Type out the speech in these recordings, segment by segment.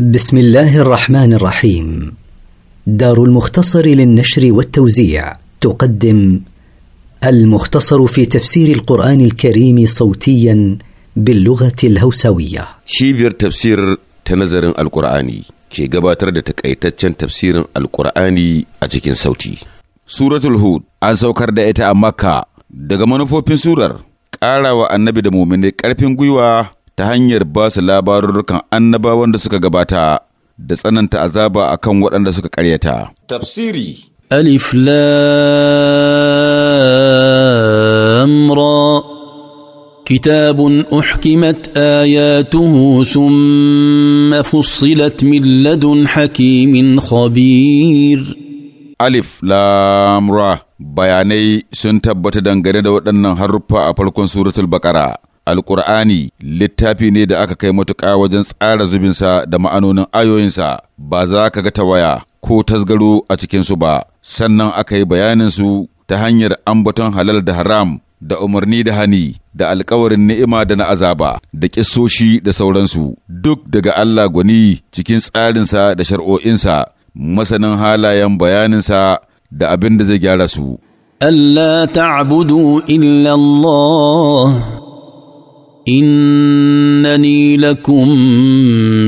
بسم الله الرحمن الرحيم دار المختصر للنشر والتوزيع تقدم المختصر في تفسير القرآن الكريم صوتيا باللغة الهوسوية شيفير تفسير تنظر القرآني كي قباتر تكأيتتشن تفسير القرآني أتكين صوتي سورة الهود أنسوكر دائتا مكة daga فوبين surar قال وأن annabi da mumini ƙarfin ta hanyar ba su labarurrukan annabawan da suka gabata da tsananta azaba a kan waɗanda suka karyata. Tafsiri Alif Lamra كتاب احكمت اياته ثم mafusilat من Hakimin حكيم alif lamra bayanai sun tabbata dangane da waɗannan haruffa a farkon suratul bakara Alƙur'ani littafi ne da aka kai matuƙa wajen tsara zubinsa da ma'anonin ayoyinsa, ba za ka ga tawaya ko tasgaro a cikinsu ba, sannan aka yi bayaninsu ta hanyar ambaton halal da haram da umarni da hani da alkawarin ni'ima da na azaba da ƙissoshi da sauransu, duk daga Allah gwani cikin tsarinsa da shar'o'insa, masanin halayen bayaninsa da abin da zai gyara su. Allah ta'budu illa Allah. انني لكم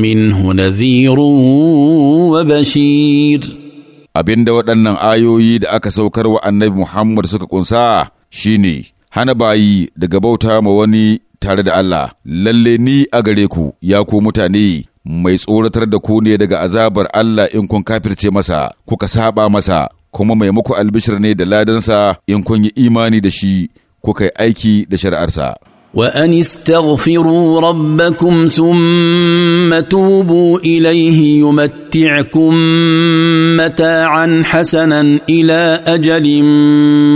منه نذير وبشير abinda waɗannan ayoyi da aka saukar wa annabi Muhammad suka kunsa shine hana bayi daga bauta ma wani tare da Allah lalle ni a gare ku ya ku mutane mai tsoratar da ku ne daga azabar Allah in kun kafirce masa kuka saba masa kuma mai muku albishir ne da ladansa in kun yi imani da shi kuka yi aiki da shari'arsa وان استغفروا ربكم ثم توبوا اليه يمتعكم متاعا حسنا الى اجل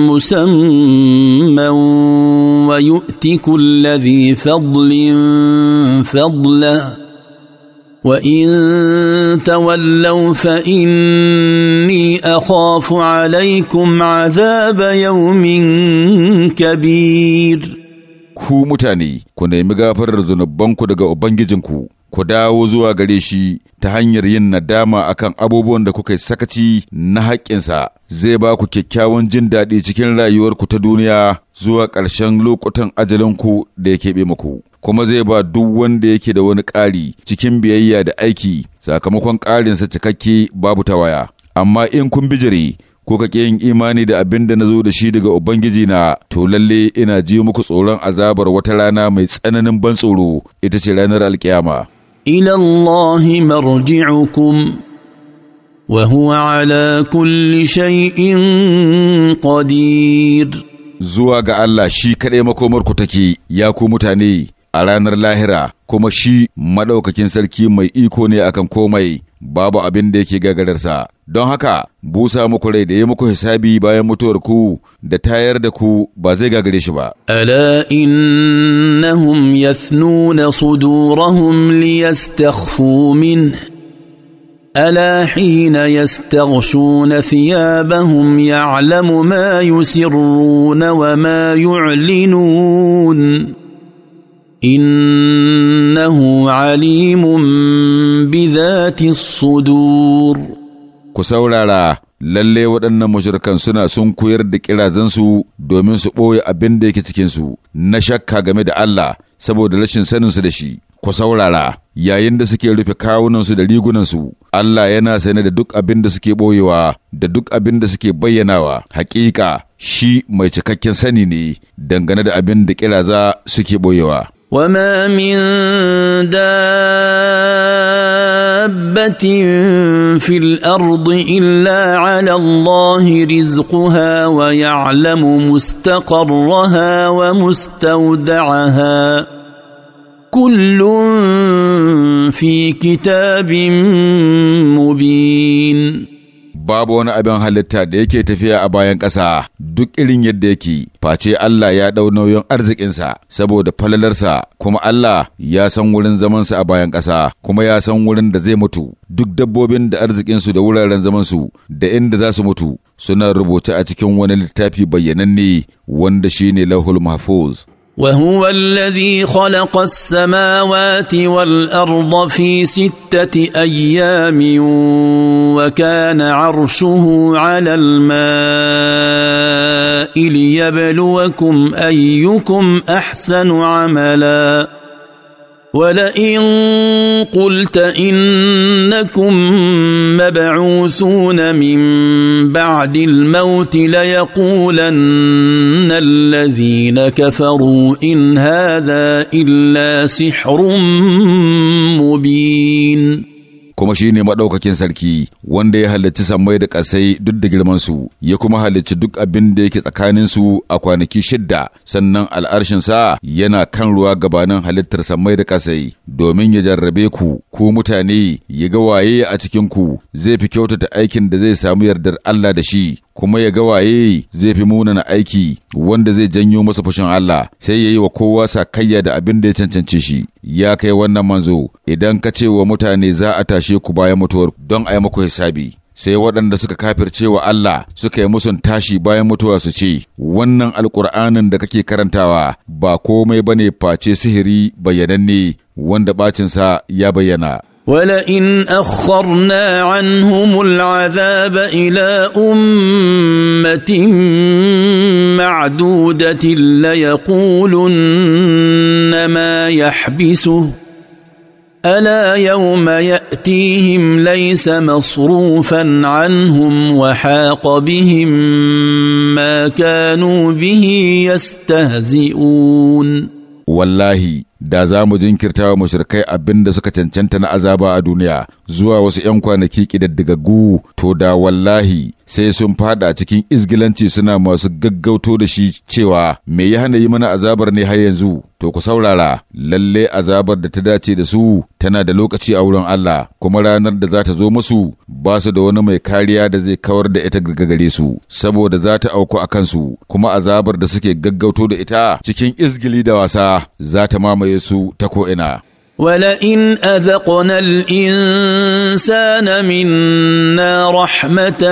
مسمى ويؤت كل ذي فضل فضله وان تولوا فاني اخاف عليكم عذاب يوم كبير ku mutane, ku nemi gafarar zunubanku daga Ubangijinku, ku dawo zuwa gare shi ta hanyar yin nadama akan abubuwan da kuka sakaci na haƙƙinsa, zai ba ku kyakkyawan jin daɗi cikin rayuwarku ta duniya zuwa ƙarshen lokutan ajalinku da ya keɓe muku. Kuma zai ba duk wanda yake da wani ƙari cikin biyayya da aiki sakamakon ƙarinsa cikakke babu ta waya. Amma in kun bijire, ko ka ƙi yin imani da abin da na zo da shi daga Ubangiji na, to lalle ina ji muku tsoron azabar wata rana mai tsananin ban tsoro ita ce ranar alkiyama. Ila Allah marji'ukum wa huwa ala kulli shay'in qadir. Zuwa ga Allah shi kaɗai makomarku take, ya ku mutane, a ranar lahira kuma shi maɗaukakin sarki mai iko ne akan komai babu abin da yake gagararsa don haka busa muku rai da muku hisabi bayan mutuwar ku da tayar da ku ba zai gagare shi ba ala innahum yathnuna sudurahum liyastakhfu min ala hina yastaghshuna thiyabahum ya'lamu ma yusirruna wa ma yu'linun انه عليم بذات الصدور ku saurara lalle waɗannan mashirkan suna sun koyar da ƙirazansu domin su ɓoye abin da yake cikinsu na shakka game da Allah saboda rashin saninsu da shi ku saurara yayin da suke rufe kawunansu da rigunansu Allah yana sane da duk abin da suke ɓoyewa da duk abin da suke bayyanawa hakika shi mai cikakken sani ne dangane da abin da ƙiraza suke ɓoyewa وما من دابه في الارض الا على الله رزقها ويعلم مستقرها ومستودعها كل في كتاب مبين babu wani abin halitta da yake tafiya a bayan ƙasa duk irin yadda yake face Allah ya ɗau nauyin arzikinsa saboda falalarsa kuma Allah ya san wurin zamansa a bayan ƙasa kuma ya san wurin da zai mutu duk dabbobin da arzikinsu da wuraren zamansu da inda za su mutu suna rubuce a cikin wani littafi bayyananne wanda shine lahul mahfuz وهو الذي خلق السماوات والارض في سته ايام وكان عرشه على الماء ليبلوكم ايكم احسن عملا ولئن قلت انكم مبعوثون من بعد الموت ليقولن الذين كفروا ان هذا الا سحر مبين kuma shi ne maɗaukakin sarki wanda ya halarci sammai da ƙasai duk da girmansu ya kuma halarci duk abin da yake tsakaninsu a kwanaki shidda sannan al'arshinsa yana kan ruwa gabanin halittar sammai da ƙasai domin ya jarrabe ku ko mutane ya ga waye a cikin ku zai fi kyautata aikin da zai samu yardar Allah da shi kuma ya ga waye zai fi munana aiki wanda zai janyo masa fushin Allah sai ya yi wa kowa sakayya da abin da ya cancance shi ya kai wannan manzo idan ka ce wa mutane za a tashe ku bayan mutuwar don a yi muku hisabi sai waɗanda suka kafirce wa Allah suka yi musun tashi bayan mutuwa su ce, Wannan alkur'anin da kake karantawa ba komai bane face sihiri bayyananne wanda bacinsa ya bayyana. ولئن اخرنا عنهم العذاب الى امه معدوده ليقولن ما يحبسه الا يوم ياتيهم ليس مصروفا عنهم وحاق بهم ما كانوا به يستهزئون والله da za mu jinkirta wa mashirkai abin da suka cancanta na azaba a duniya zuwa wasu ‘yan kwanaki ƙididdigaggu to da wallahi sai sun fada cikin izgilanci suna masu gaggauto da shi cewa mai ya hana yi mana azabar ne har yanzu to ku saurara lalle azabar da ta dace da su tana da lokaci a wurin Allah kuma ranar da za ta zo musu ba su da wani mai kariya da zai kawar da ita gare su saboda za ta auku a kansu kuma azabar da suke gaggauto da ita cikin izgili da wasa za ta mamaye su ta ko'ina. ولئن اذقنا الانسان منا رحمه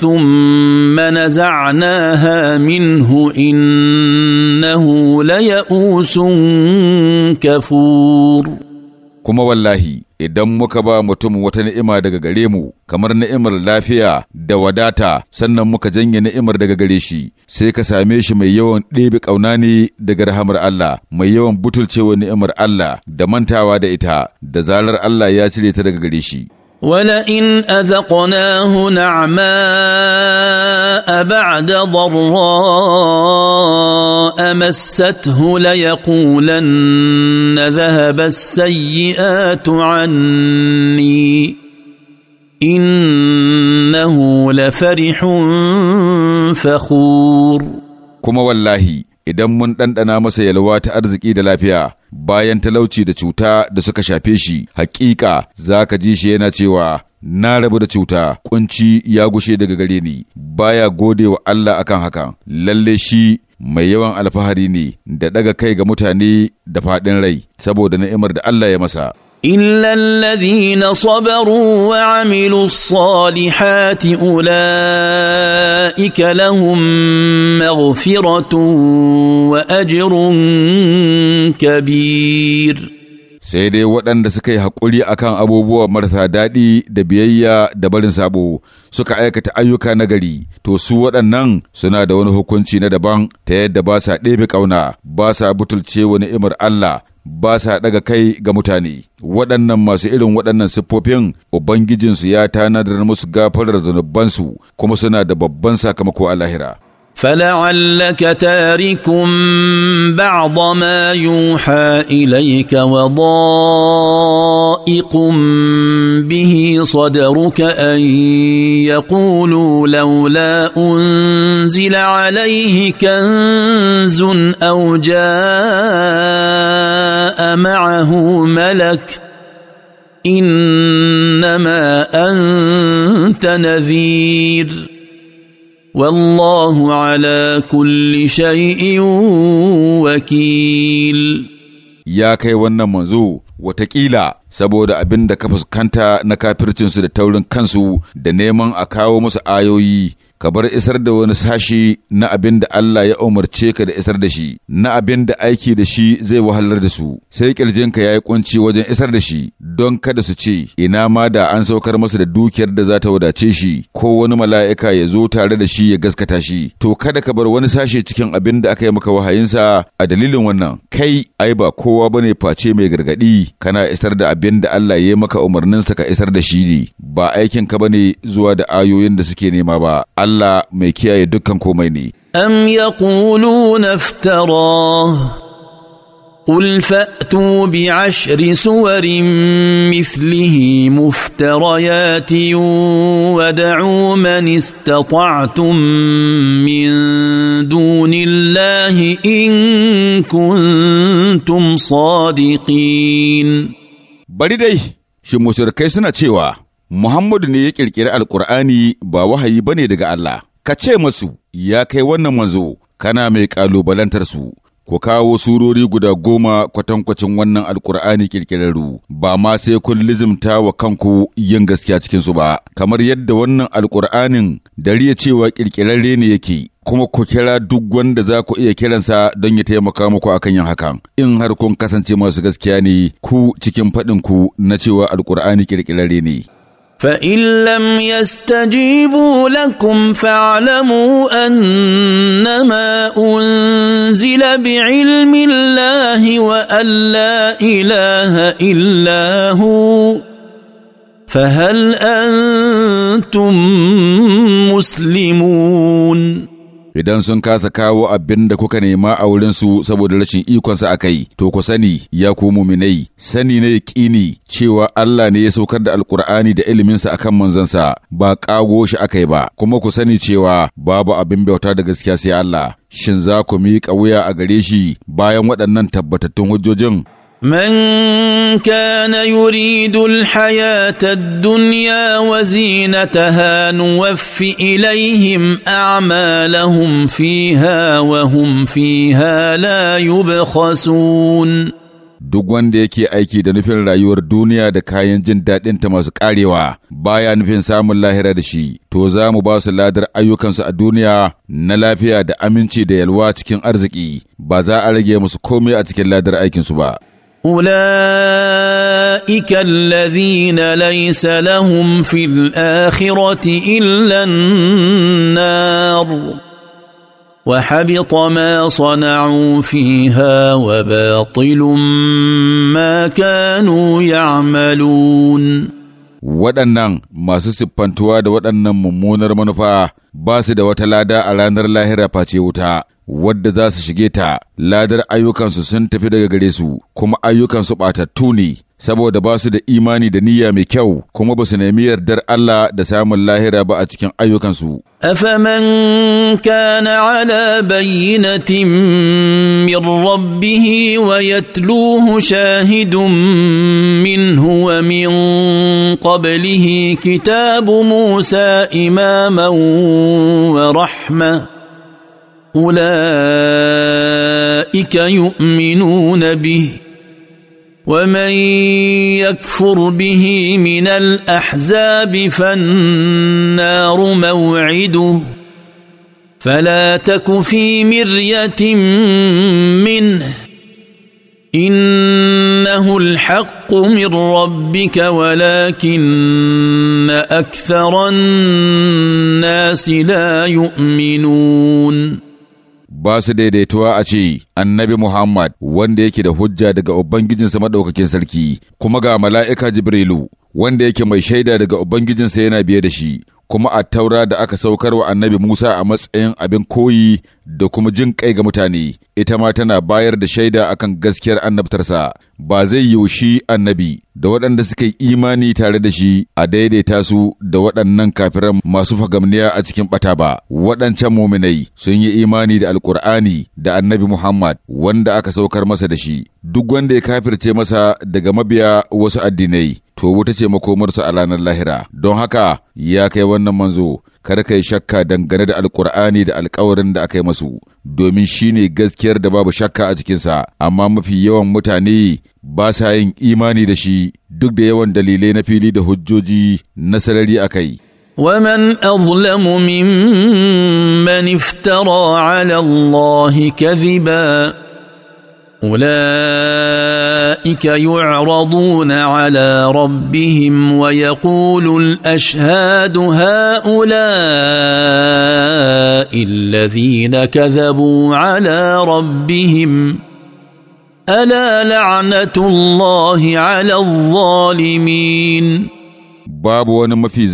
ثم نزعناها منه انه ليئوس كفور كما والله idan muka ba mutum wata ni'ima daga gare mu, kamar ni'imar lafiya da wadata, sannan muka janye ni'imar daga gare shi, sai ka same shi mai yawan ɗebe ƙauna ne daga rahamar Allah, mai yawan butulcewa ni'imar Allah da mantawa da ita, da zarar Allah ya cire ta daga gare shi. ولئن اذقناه نعماء بعد ضراء مسته ليقولن ذهب السيئات عني انه لفرح فخور كما والله idan mun ɗanɗana masa yalwa ta arziki da lafiya bayan talauci da cuta da suka shafe shi hakika za ka ji shi yana cewa na rabu da cuta kunci ya gushe daga gare ni baya gode wa Allah akan hakan lalle shi mai yawan alfahari ne da daga kai ga mutane da faɗin rai saboda ni'imar da Allah ya masa الا الذين صبروا وعملوا الصالحات اولئك لهم wa واجر كبير sai dai waɗanda suka yi haƙuri akan abubuwa marasa daɗi da biyayya da barin sabo suka aikata ayyuka nagari to su waɗannan suna da wani hukunci na daban ta yadda ba sa ɗebe ƙauna ba sa butulce wani ni'imar Allah ba sa daga kai ga mutane waɗannan masu irin waɗannan siffofin ubangijinsu ya tanadar musu gafarar zunubansu kuma suna da babban sakamako a lahira فلعلك تارك بعض ما يوحى اليك وضائق به صدرك ان يقولوا لولا انزل عليه كنز او جاء معه ملك انما انت نذير والله على كل شيء وكيل ya kai wannan manzo watakila saboda abin da ka fuskanta na kafircinsu da taurin kansu da neman a kawo musu ayoyi ka bar isar da wani sashi na abin da Allah ya umarce ka da isar da shi, na abin da aiki da shi zai wahalar da su, sai ƙirjinka ya yi kunci wajen isar da shi, don kada su ce, ina ma da an saukar masa da dukiyar da za ta wadace shi, ko wani mala'ika ya zo tare da shi ya gaskata shi, to kada ka bar wani sashe cikin abin da aka yi maka wahayinsa a dalilin wannan, kai ai ba kowa bane face mai gargaɗi, kana isar da abin da Allah ya yi maka umarninsa ka isar da shi ne, ba ka bane zuwa da ayoyin da suke nema ba. Allah mai kiyaye dukkan komai ne. Am قل فأتوا بعشر سور مثله مفتريات ودعوا من استطعتم من دون الله إن كنتم صادقين بريدي شو مشركي سنة Muhammadu ne ya ƙirƙiri Alƙur'ani ba wahayi ba ne daga Allah. Ka ce masu, ya kai wannan manzo, kana mai ƙalubalantar su, ku kawo surori guda goma kwatankwacin wannan Alƙur'ani ƙirƙirarru, ba ma sai kun lizimta wa kanku yin gaskiya cikinsu ba, kamar yadda wannan Alƙur'anin dariya cewa ƙirƙirarre ne yake. kuma ku kira duk wanda za ku iya kiransa don ya taimaka muku akan yin hakan in har kun kasance masu gaskiya ne ku cikin faɗinku na cewa Alƙur'ani ƙirƙirarre ne فان لم يستجيبوا لكم فاعلموا انما انزل بعلم الله وان لا اله الا هو فهل انتم مسلمون idan sun kasa kawo abin da kuka nema a wurinsu saboda rashin ikonsa a kai, to ku sani ya ku muminai, sani na yaƙini cewa Allah ne ya saukar da Alƙur'ani da iliminsa akan manzansa ba ƙago shi akai ba, kuma ku sani cewa babu abin bauta da gaskiya sai Allah. Shin za ku miƙa wuya a gare shi bayan waɗannan tabbatattun hujjojin? من كان يريد الحياه الدنيا وزينتها نوف اليهم اعمالهم فيها وهم فيها لا يبخسون duk wanda yake aiki da nufin rayuwar duniya da kayan jin daɗinta masu ƙarewa baya nufin samun lahira da shi to za mu ba su ladar ayyukansu a duniya na lafiya da aminci da yalwa cikin arziki ba za a rage musu komai a cikin ladar aikinsu ba اولئك الذين ليس لهم في الاخره الا النار وحبط ما صنعوا فيها وباطل ما كانوا يعملون waɗannan masu siffantuwa da waɗannan mummunar manufa ba su da wata lada a ranar lahira face wuta wadda za su shige ta ladar ayyukansu sun tafi daga gare su kuma ayyukansu ɓatattu ne saboda ba su da imani da niyya mai kyau kuma ba su nemi yardar Allah da samun lahira ba a cikin ayyukansu. أفمن كان على بينة من ربه ويتلوه شاهد منه ومن قبله كتاب موسى إماما ورحمة أولئك يؤمنون به ومن يكفر به من الاحزاب فالنار موعده فلا تك في مريه منه انه الحق من ربك ولكن اكثر الناس لا يؤمنون ba su daidaituwa a ce annabi Muhammad wanda yake da hujja daga Ubangijinsa maɗaukakin sarki, kuma ga mala'ika Jibrilu wanda yake mai shaida daga Ubangijinsa yana biye da shi. kuma a taura da aka saukar wa annabi Musa a matsayin abin koyi da kuma jin kai ga mutane, ita ma tana bayar da shaida akan gaskiyar annabtarsa, ba zai yaushi annabi da waɗanda suka yi imani tare da shi a daidaita su da waɗannan kafiran masu fagamniya a cikin ɓata ba, waɗancan muminai sun yi imani da alkur'ani da annabi Muhammad wanda aka saukar masa da shi, duk wanda ya kafirce masa daga mabiya wasu addinai. to wuta ce makomarsu a ranar lahira don haka ya kai wannan manzo kada ka yi shakka dangane da alkur'ani da alkawarin da aka yi masu domin shi ne gaskiyar da babu shakka a cikinsa amma mafi yawan mutane ba sa yin imani da shi duk da yawan dalilai na fili da hujjoji na sarari a kai ومن أظلم ممن افترى على الله كذبا اولئك يعرضون على ربهم ويقول الاشهاد هؤلاء الذين كذبوا على ربهم الا لعنه الله على الظالمين باب وانا ما في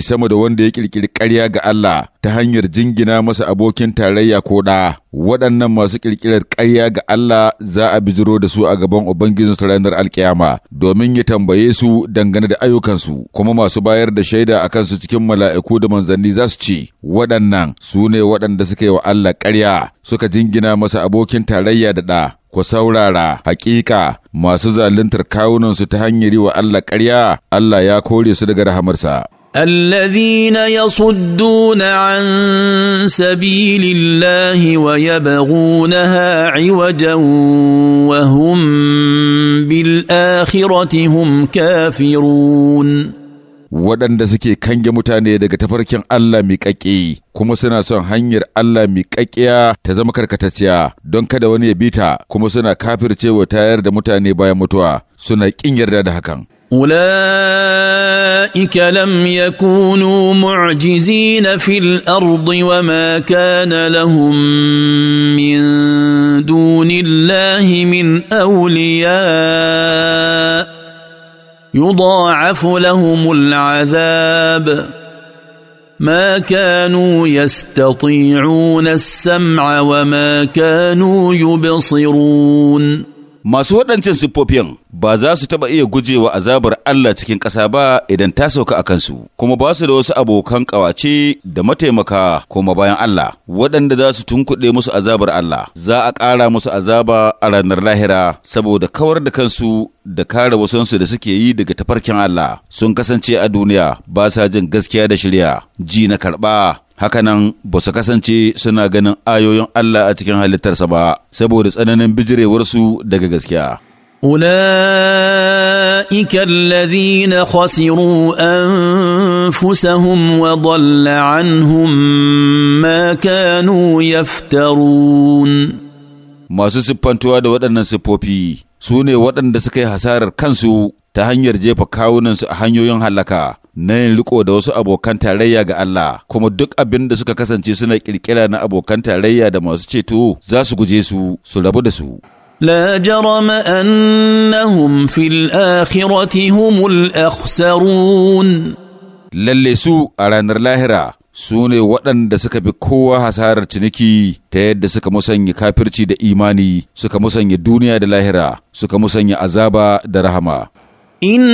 sama da wanda ya kirkiri ƙarya ta hanyar jingina masa abokin tarayya ko da waɗannan masu ƙirƙirar ƙarya ga Allah za a bijiro da su a gaban su ranar alkiyama domin ya tambaye su dangane da ayyukansu kuma masu bayar da shaida a kansu cikin mala'iku da manzanni za su ce waɗannan su ne waɗanda suka yi wa Allah ƙarya suka jingina masa abokin tarayya da ɗa ku saurara hakika masu zaluntar kawunansu ta hanyar yi wa Allah ƙarya Allah ya kore su daga rahamarsa. الذين يصدون عن سبيل الله ويبغونها عوجا وهم بالآخرة هم كافرون waɗanda suke kange mutane daga tafarkin Allah miƙaƙe kuma suna son hanyar Allah miƙaƙiya ta zama karkatacciya don kada wani ya bita, kuma suna kafircewa tayar da mutane bayan mutuwa suna ƙin yarda da hakan اولئك لم يكونوا معجزين في الارض وما كان لهم من دون الله من اولياء يضاعف لهم العذاب ما كانوا يستطيعون السمع وما كانوا يبصرون masu waɗancan siffofin ba za su taɓa iya gujewa azabar Allah cikin ƙasa ba idan ta sauka a kansu, kuma ba su da wasu abokan ƙawace da mataimaka kuma bayan Allah, waɗanda za su tunkuɗe musu azabar Allah, za a ƙara musu azaba a ranar lahira saboda kawar da kansu da kare wasansu da suke yi daga tafarkin Allah, sun kasance a duniya ba sa jin gaskiya da shirya, ji na karɓa hakanan ba su kasance suna ganin ayoyin Allah a cikin halittarsa ba saboda tsananin bijirewarsu daga gaskiya. أولئك الذين خسروا أنفسهم وضل عنهم ما كانوا يفترون masu siffantuwa da waɗannan siffofi su ne waɗanda suka yi hasarar kansu ta hanyar jefa kawunansu a hanyoyin halaka na yin riko da wasu abokan tarayya ga Allah kuma duk abin da suka kasance suna kirkira na abokan tarayya da masu ceto za su guje su su rabu da su لا جرم أنهم في الآخرة هم lalle su a ranar lahira su ne waɗanda suka fi kowa hasarar ciniki ta yadda suka musanya kafirci da imani suka musanya duniya da lahira suka musanya azaba da rahama ان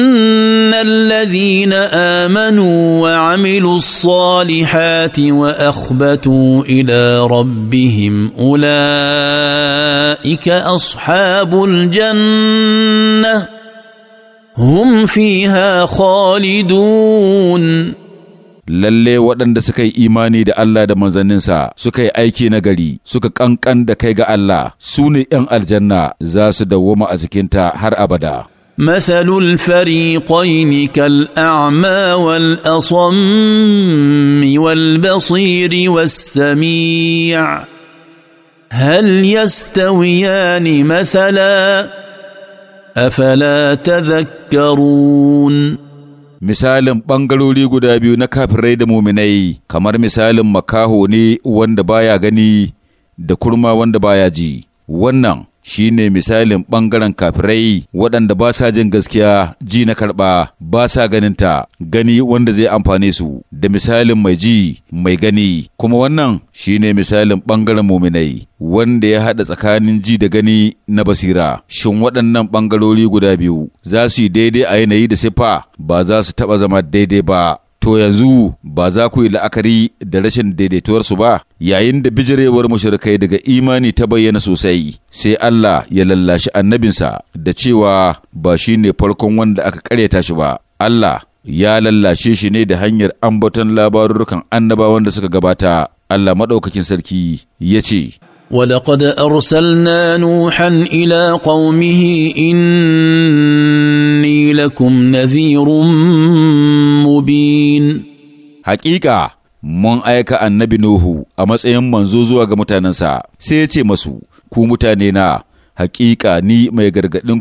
الذين امنوا وعملوا الصالحات واخبتوا الى ربهم اولئك اصحاب الجنه هم فيها خالدون lalle waɗanda suka yi imani da Allah da manzanninsa suka yi aiki na gari suka ƙanƙan da kai ga Allah su ne ‘yan aljanna za su dawwama a cikinta har abada. مثل الفريقين كالاعمى والاصم والبصير والسميع هل يستويان مثلا افلا تذكرون misalin ɓangarori guda biyu na kafirai da muminai kamar misalin makaho ne wanda baya gani da kurma wanda baya ji wannan shi ne misalin ɓangaren kafirai waɗanda ba sa jin gaskiya ji na karɓa ba sa ganinta gani wanda zai amfane su da misalin mai ji mai gani kuma wannan shi ne misalin ɓangaren muminai wanda ya haɗa tsakanin ji da gani na basira shin waɗannan ɓangarori guda biyu za su yi daidai a yanayi da siffa ba za su taɓa zama daidai ba to yanzu ba za ku yi la'akari da rashin daidaituwarsu ba yayin da bijirewar mushrikai daga imani ta bayyana sosai sai Allah ya lallashi annabinsa da cewa ba shi ne farkon wanda aka karyata shi ba Allah ya lallashe shi ne da hanyar ambaton labarurrukan annabawan da suka gabata Allah maɗaukakin sarki ya ce ولقد ارسلنا نوحا الى قومه اني لكم نذير مبين حقيقه mun aika annabi Nuhu a matsayin manzo zuwa ga mutanensa sai ya ce masu ku mutane na hakika ni mai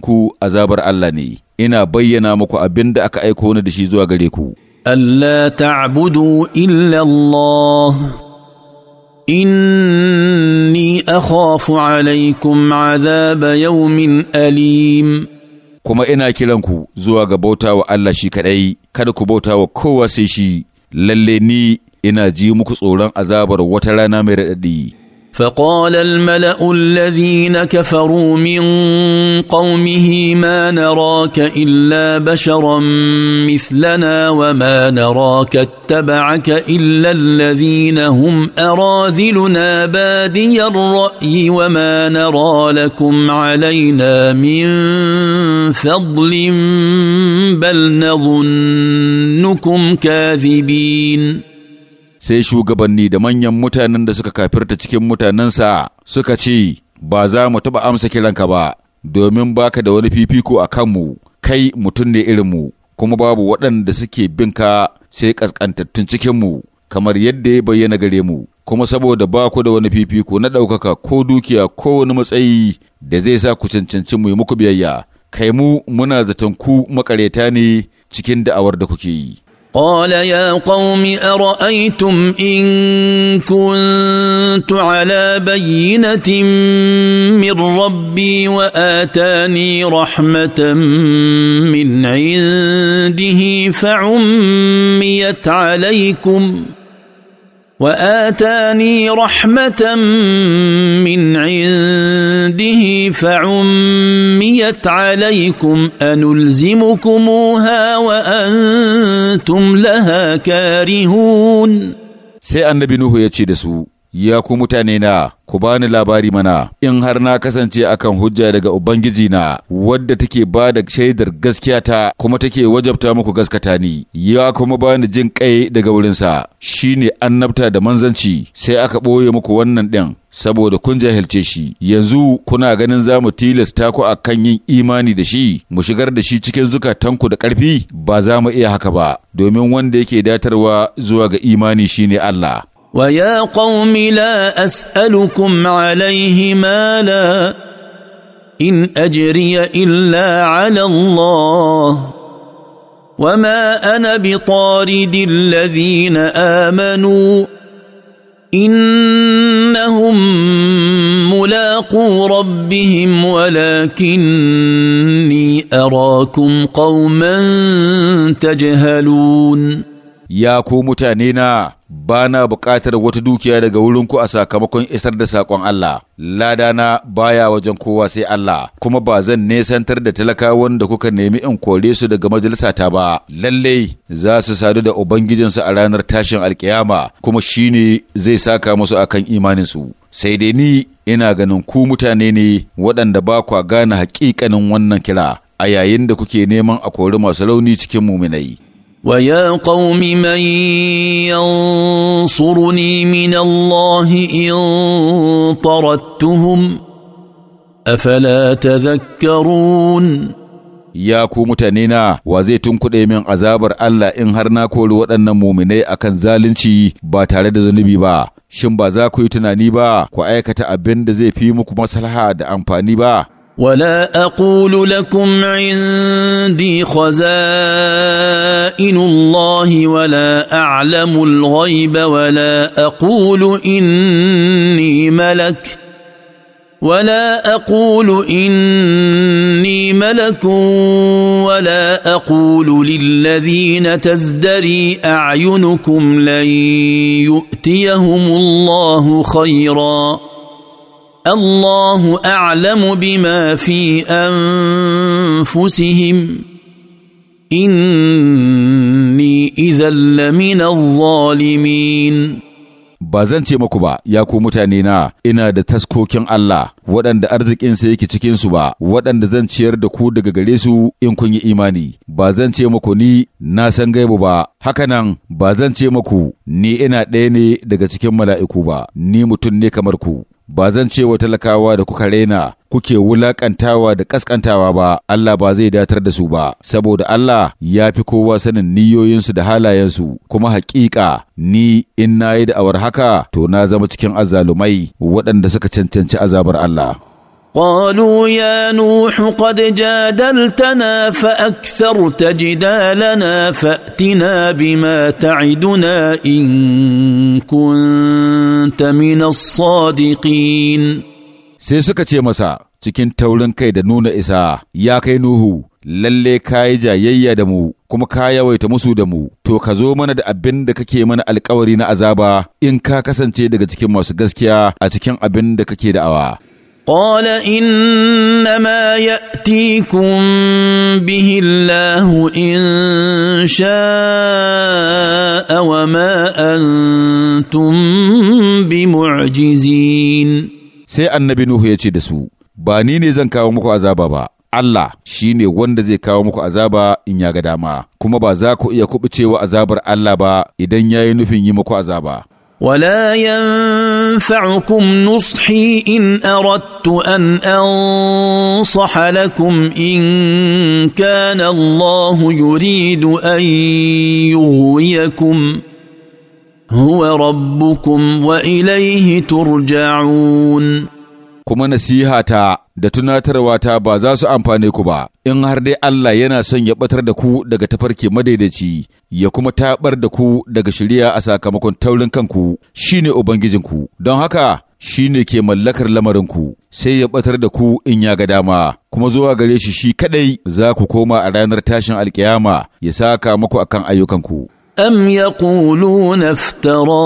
ku azabar Allah ne ina bayyana muku abin da aka aiko ni da shi zuwa gare ku Allah ta'budu illa Allah In inni akhafu alaikum azaba yawmin alim kuma ina kiran ku zuwa ga bauta wa Allah shi kaɗai, kada ku bauta wa kowa sai shi, lallai ni ina ji muku tsoron azabar wata rana mai raɗaɗi. فقال الملا الذين كفروا من قومه ما نراك الا بشرا مثلنا وما نراك اتبعك الا الذين هم اراذلنا بادي الراي وما نرى لكم علينا من فضل بل نظنكم كاذبين sai shugabanni da manyan mutanen da suka kafirta cikin mutanensa suka ce, Ba za mu taɓa amsa kiranka ba, domin baka da wani fifiko a kanmu, kai mutum ne irinmu, kuma babu waɗanda suke binka sai ƙasƙantattun cikinmu, kamar yadda ya bayyana gare mu, kuma saboda ba ku da wani fifiko na ɗaukaka ko dukiya ko wani matsayi da zai sa ku cancanci mu yi muku biyayya, kai mu muna zaton ku makareta ne cikin da'awar da kuke yi. قال يا قوم ارايتم ان كنت على بينه من ربي واتاني رحمه من عنده فعميت عليكم واتاني رحمه من عنده فعميت عليكم انلزمكموها وانتم لها كارهون sai النبي nuhu ya ce Ya ku na ku bani labari mana, in har na kasance akan hujja daga Ubangiji na. wadda take ba da shaidar gaskiya ta kuma take wajabta muku gaskata ni, ya kuma bani jin kai daga wurinsa, shi ne annabta da manzanci, sai aka ɓoye muku wannan ɗin. Saboda kun jahilce shi, yanzu kuna ganin za mu tilasta ku a kan yin imani da shi, mu shigar da shi cikin zukatanku da ƙarfi, ba za mu iya haka ba, domin wanda yake datarwa zuwa ga imani shine Allah. ويا قوم لا اسالكم عليه مالا ان اجري الا على الله وما انا بطارد الذين امنوا انهم ملاقو ربهم ولكني اراكم قوما تجهلون ya ku mutane na ba na buƙatar wata dukiya daga wurinku a sakamakon isar da saƙon Allah, ladana baya wajen kowa sai Allah, kuma ba zan nesantar da talakawan da kuka nemi in kore su daga majalisata ba, lallai za su sadu da Ubangijinsu a ranar tashin alkiyama, kuma shi ne zai saka musu akan imaninsu. Sai dai ni ina ganin ku mutane ne waɗanda ba kwa gane haƙiƙanin wannan kira a yayin da kuke neman a kori masu launi cikin muminai. ويا قوم من ينصرني من A ان طردتهم افلا تذكرون ya ku mutane na wa zai tunkuɗe min azabar Allah in har na kori waɗannan muminai akan zalunci ba tare da zunubi ba shin ba za ku yi tunani ba ku aikata abin da zai fi muku maslaha da amfani ba ولا اقول لكم عندي خزائن الله ولا اعلم الغيب ولا اقول اني ملك ولا اقول اني ملك ولا اقول للذين تزدري اعينكم لن يؤتيهم الله خيرا الله اعلم بما في انفسهم inni idan lamina zalimin ba zan ce maku ba ya ku mutane na ina da taskokin Allah waɗanda arzikinsa yake cikinsu ba waɗanda zan ciyar da ku daga gare su in kun yi imani ba zan ce maku ni na san gaibu ba hakanan ba zan ce maku ni ina ɗaya ne daga cikin mala'iku ba ni mutum ne kamar ku ba zan ce wa talakawa da kuka raina kuke wulakantawa da ƙasƙantawa ba Allah ba zai datar da su ba saboda Allah ya fi kowa sanin niyoyinsu da halayensu kuma haƙiƙa ni in nayi da awar haka to na zama cikin azzalumai waɗanda suka cancanci azabar Allah قالوا يا نوح قد جادلتنا فاكثرت جدالنا فاتنا بما تعدنا ان كنت من الصادقين sai suka ce masa cikin taurin kai da nuna isa ya kai nuhu lalle ka yi jayayya da mu kuma ka yawaita musu da mu to ka zo mana da abin da kake mana alkawari na azaba in ka kasance daga cikin masu gaskiya a cikin abin da kake da'awa قال انما ياتيكم به الله ان شاء وما انتم بمعجزين sai annabi nuhu ya ce da su ba ni ne zan kawo muku azaba ba Allah shi ne wanda zai kawo muku azaba in ya ga dama kuma ba za ku iya kubucewa azabar Allah ba idan ya yi nufin yi muku azaba ولا ينفعكم نصحي ان اردت ان انصح لكم ان كان الله يريد ان يغويكم هو ربكم واليه ترجعون kuma nasihata da tunatarwata ba za su amfane ku ba, in har dai Allah yana son ya ɓatar da ku daga tafarki madaidaci, ya kuma taɓar da ku daga shirya a sakamakon taurin kanku, shi ne Ubangijinku, don haka shi ne ke mallakar lamarinku, sai ya batar da ku in ya ga dama, kuma zuwa gare shi shi kaɗai za ku koma a ranar tashin alkiyama ya saka muku akan ayyukanku. Am yaquluna iftara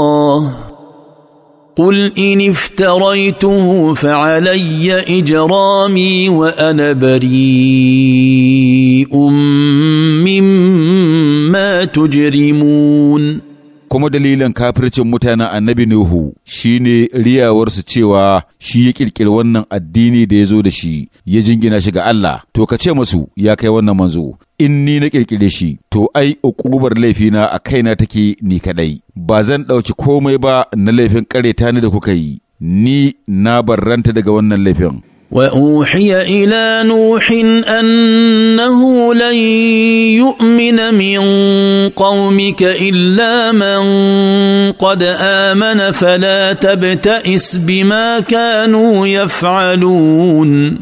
قل ان افتريته فعلي اجرامي وانا بريء مما تجرمون kuma dalilin kafircin mutanen annabi Nuhu shine riyawarsu cewa shi ya kirkiri wannan addini da ya zo da shi ya jingina shi ga Allah to ka ce masu ya kai wannan manzo in ni na kirkire shi to ai ukubar laifina a kaina take ni kaɗai ba zan ɗauki komai ba na laifin ƙareta ni da kuka yi ni na barranta daga wannan laifin واوحي الى نوح انه لن يؤمن من قومك الا من قد امن فلا تبتئس بما كانوا يفعلون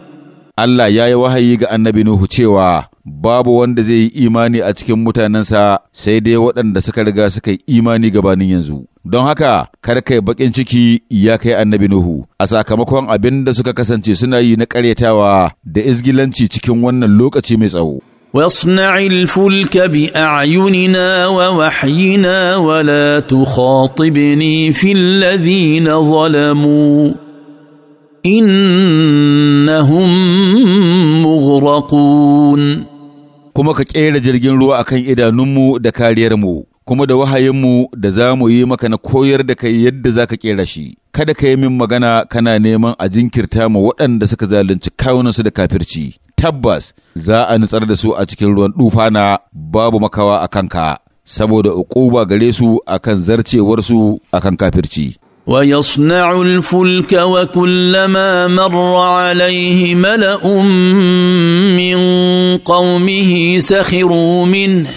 الله يا وهي النبي نوح cewa babu wanda zai yi imani a cikin mutanensa sai dai waɗanda suka riga suka yi imani gabanin yanzu. Don haka, kar kai baƙin ciki ya kai annabi Nuhu, a sakamakon abin da suka kasance suna yi na ƙaryatawa da izgilanci cikin wannan lokaci mai tsawo. واصنع الفلك بأعيننا ووحينا ولا تخاطبني في الذين ظلموا إنهم مغرقون kuma ka ƙera jirgin ruwa akan idanunmu da kariyarmu, kuma da wahayinmu da za mu yi maka na koyar da kai yadda za ka ƙera shi. Kada ka yi min magana kana neman a jinkirta ma waɗanda suka zalunci kawunansu da kafirci. Tabbas za a nutsar da su a cikin ruwan ɗufana babu makawa a kanka, saboda uquba gare su akan zarcewarsu akan kafirci. ويصنع الفلك وكلما مر عليه ملا من قومه سخروا منه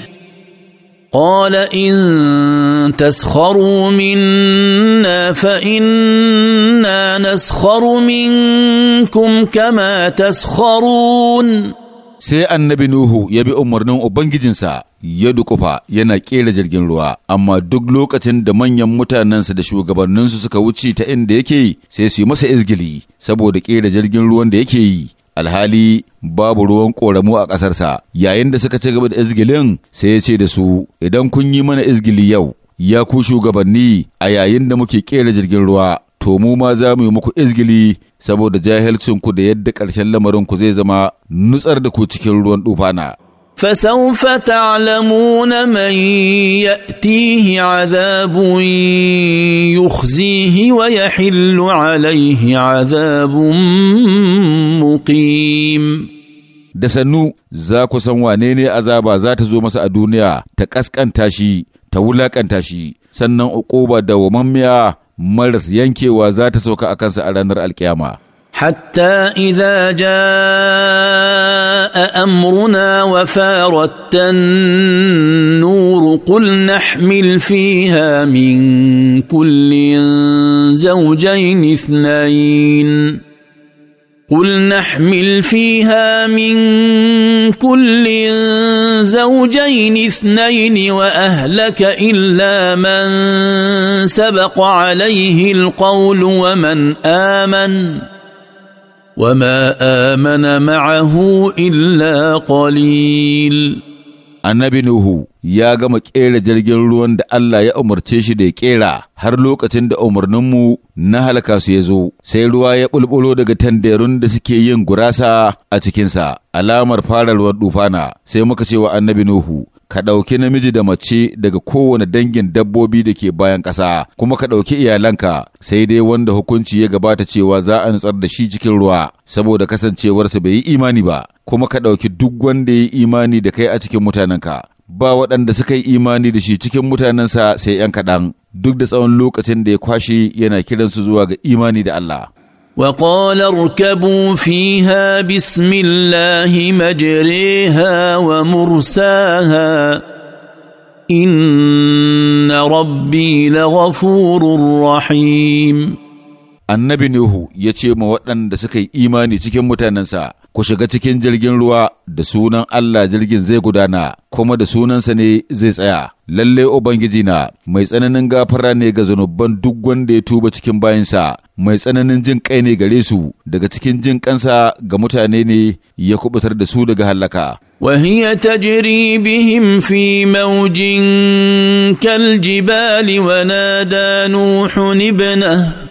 قال ان تسخروا منا فانا نسخر منكم كما تسخرون sai annabi Nuhu ya bi umarnin Ubangijinsa ya dukufa yana ƙera jirgin ruwa, amma duk lokacin da manyan mutanensa da shugabanninsu suka wuce ta inda yake sai su yi masa izgili saboda ƙera jirgin ruwan da yake yi. Alhali babu ruwan ƙoramu a ƙasarsa, yayin da suka ci gaba da izgilin sai ya ce da su, idan kun yi mana izgili yau, ya ku shugabanni a yayin da muke ƙera jirgin ruwa, to mu ma za mu yi muku izgili saboda jahilcinku da yadda ƙarshen lamarinku zai zama nutsar da ku cikin ruwan dufana. فسوف تعلمون من ياتيه عذاب يخزيه ويحل عليه عذاب مقيم da sannu za ku san wane ne azaba za ta zo masa a duniya ta ƙasƙanta shi ta wulaƙanta shi sannan uƙuba da wamammiya maras yankewa za ta sauka a kansa a ranar alkiyama. Hatta iza ja a amruna wa faratan nuru kul na hamil fi hamin kullin zaujen ithnain. قل نحمل فيها من كل زوجين اثنين واهلك الا من سبق عليه القول ومن امن وما امن معه الا قليل النبي نوح ya gama ƙera jirgin ruwan da Allah ya umarce shi da ya ƙera har lokacin da umarninmu na halaka su ya zo, sai ruwa ya ɓulɓulo daga tanderun da suke yin gurasa a cikinsa, alamar fara ruwan dufana, sai muka ce wa annabi Nuhu, ka ɗauki namiji da mace daga kowane dangin dabbobi da ke bayan ƙasa, kuma ka ɗauki iyalanka sai dai wanda hukunci ya gabata cewa za a nutsar da shi cikin ruwa, saboda kasancewarsa bai yi imani ba, kuma ka ɗauki duk wanda ya yi imani da kai a cikin mutanenka. Ba waɗanda suka yi imani da shi cikin mutanensa sai ‘yan kaɗan, duk da tsawon lokacin da ya kwashe yana kiransu zuwa ga imani da Allah. وقال اركبوا فيها بسم الله مجريها ومرساها ان ربي لغفور رحيم annabi Nuhu ya ce ma waɗanda suka yi imani cikin mutanensa ku shiga cikin jirgin ruwa da sunan Allah jirgin zai gudana kuma da sunansa ne zai tsaya lalle ubangiji na mai tsananin gafara ne ga zunuban duk wanda ya tuba cikin bayansa mai tsananin jin kai ne gare su daga cikin jin kansa ga mutane ne ya kubutar da su daga hallaka وهي تجري بهم في موج كالجبال ونادى نوح ابنه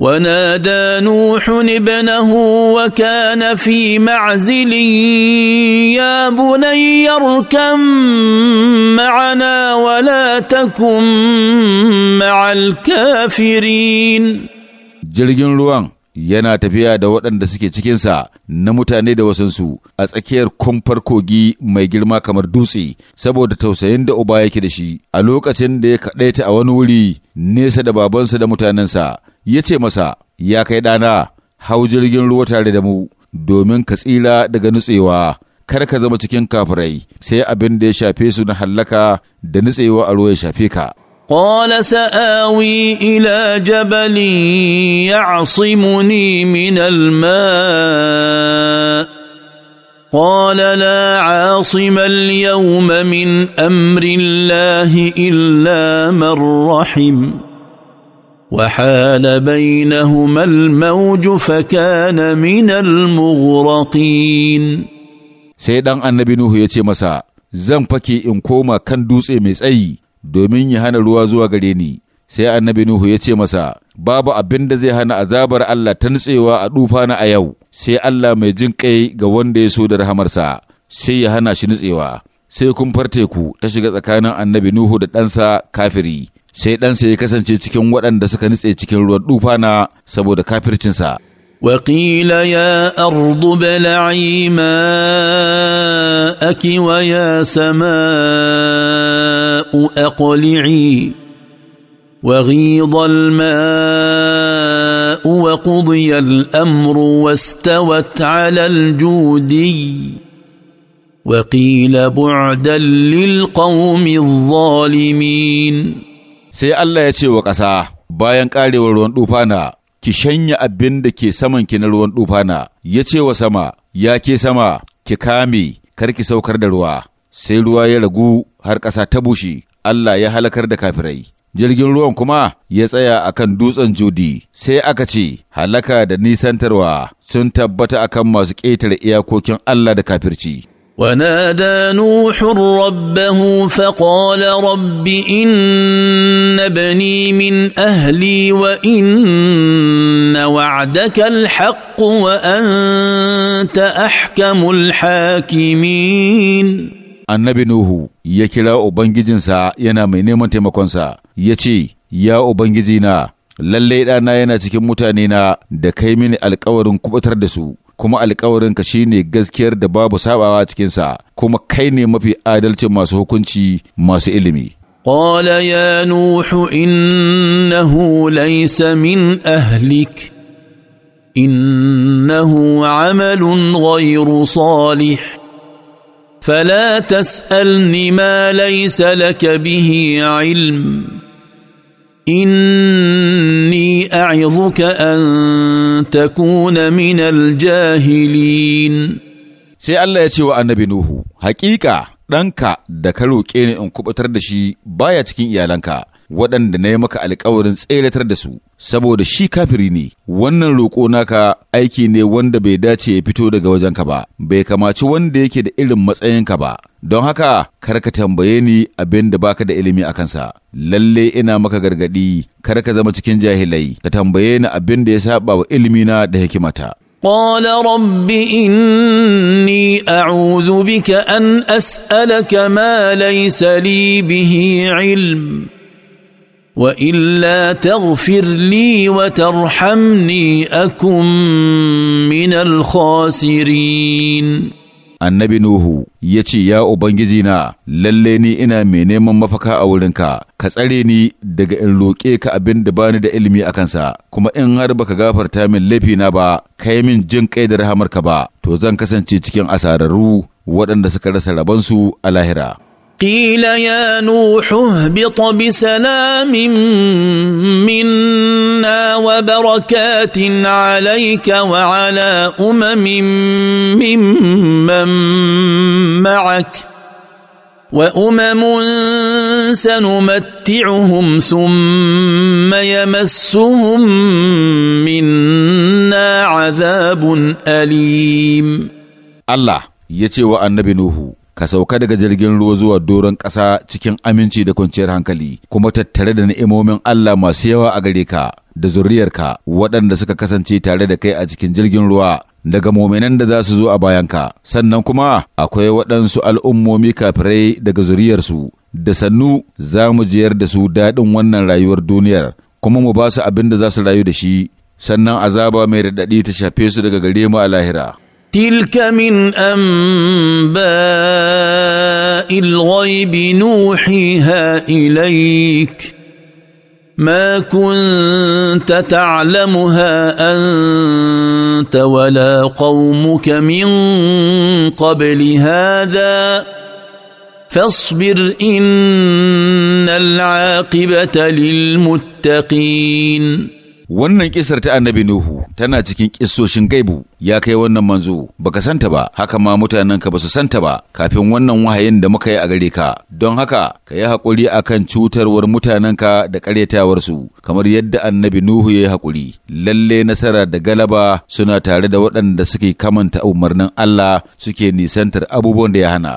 ونادى نوح ابنه وكان في معزل يا بني اركم معنا ولا تكن مع الكافرين jirgin ruwan yana tafiya da waɗanda suke cikinsa na mutane da wasansu a tsakiyar kumfar kogi mai girma kamar dutse saboda tausayin da uba yake da shi a lokacin da ya kaɗaita a wani wuri nesa da babansa da mutanensa ya ce masa, Ya kai ɗana, hau jirgin ruwa tare da mu, domin ka tsira daga nutsewa, kar ka zama cikin kafirai, sai abin da ya shafe su na hallaka da nutsewa a ruwa ya shafe ka. قال سآوي إلى جبل يعصمني من الماء قال لا عاصم اليوم من أمر الله إلا من رحم وحال بينهما الموج فكان من المغرقين sai ɗan annabi Nuhu ya ce masa, Zan fake in koma kan dutse mai tsayi domin ya hana ruwa zuwa gare ni, sai annabi Nuhu ya ce masa, Babu abin da zai hana azabar Allah ta nutsewa a dufana a yau, sai Allah mai jin kai ga wanda ya so da rahamarsa, sai ya hana shi nutsewa, sai kun farteku ta shiga tsakanin annabi Nuhu da ɗansa kafiri. sai ɗansa ya kasance cikin waɗanda suka nutse cikin ruwan dufana saboda kafircinsa. وقيل يا أرض بلعي ماءك ويا سماء أقلعي وغيض الماء وقضي الأمر واستوت على الجودي وقيل بعدا للقوم الظالمين sai Allah ya ce wa ƙasa bayan ƙarewar ruwan ɗufana ki shanya abin da ke saman ki na ruwan ɗufana ya ce wa sama ya ke sama ki kame kar ki saukar da ruwa sai ruwa ya ragu har ƙasa ta bushe Allah ya halakar da kafirai jirgin ruwan kuma ya tsaya a kan dutsen judi sai aka ce halaka da nisantarwa sun tabbata akan masu ƙetare iyakokin Allah da kafirci ونادى نوح ربه فقال رب ان ابني من اهلي وان وعدك الحق وانت احكم الحاكمين annabi nuhu ya kira ubangijinsa yana mai neman taimakonsa ya ce ya ubangijina lallai ɗana yana cikin mutanena da kai mini alkawarin kubutar da su kuma alkawarinka shine gaskiyar da babu sabawa cikinsa kuma kai ne mafi adalcin masu hukunci masu ilimi قال يا نوح انه ليس من اهلك انه عمل غير صالح فلا تسالني ما ليس لك به علم إني أعظك أن تكون من الجاهلين sai Allah ya ce wa annabi Nuhu, Hakika ɗanka da ka roƙe ni in kubutar da shi baya cikin iyalanka, waɗanda na yi maka alkawarin tseratar da su, saboda shi kafiri ne, wannan roƙo naka aiki ne wanda bai dace ya fito daga wajenka ba, bai kamaci wanda yake da irin matsayinka ba, don haka kar ka tambaye ni abin da baka da ilimi a kansa lalle ina maka gargadi kar ka zama cikin jahilai ka tambaye ni abin da ya saba wa ilimina da hikimata قال رب إني أعوذ بك أن أسألك ما ليس لي به علم وإلا تغفر لي وترحمني أكن من الخاسرين annabi Nuhu ya ce, Ya Ubangiji na, lalle ni ina mai neman mafaka a wurinka, ka tsare ni daga in roƙe ka abin da bani da ilimi a kansa, kuma in har baka gafarta min laifi na ba, ka min jin kai da rahamarka ba, to zan kasance cikin asararru waɗanda suka rasa rabansu a lahira. قيل يا نوح اهبط بسلام منا وبركات عليك وعلى امم ممن معك وامم سنمتعهم ثم يمسهم منا عذاب اليم الله يتي النبي نوح ka sauka daga jirgin ruwa zuwa doron ƙasa cikin aminci da kwanciyar hankali kuma tattare da ni'imomin Allah masu yawa a gare ka da zuriyarka waɗanda suka kasance tare da kai a cikin jirgin ruwa daga mominan da za su zo a bayanka sannan kuma akwai waɗansu al'ummomi kafirai daga zuriyarsu da sannu za mu jiyar da su daɗin wannan rayuwar duniyar kuma mu ba su abin da za su rayu da shi sannan azaba mai raɗaɗi ta shafe su daga gare mu a lahira. تلك من انباء الغيب نوحيها اليك ما كنت تعلمها انت ولا قومك من قبل هذا فاصبر ان العاقبه للمتقين Wannan kisar ta annabi Nuhu tana cikin kisoshin gaibu ya kai wannan manzo baka santa ba haka ma mutanen ka basu santa ba kafin wannan wahayin da muka yi a gare ka don haka ka yi haƙuri akan cutarwar mutanen ka da su kamar yadda annabi Nuhu ya yi hakuri lalle nasara da galaba suna tare da waɗanda suke kamanta umarnin Allah suke nisantar abubuwan da ya hana.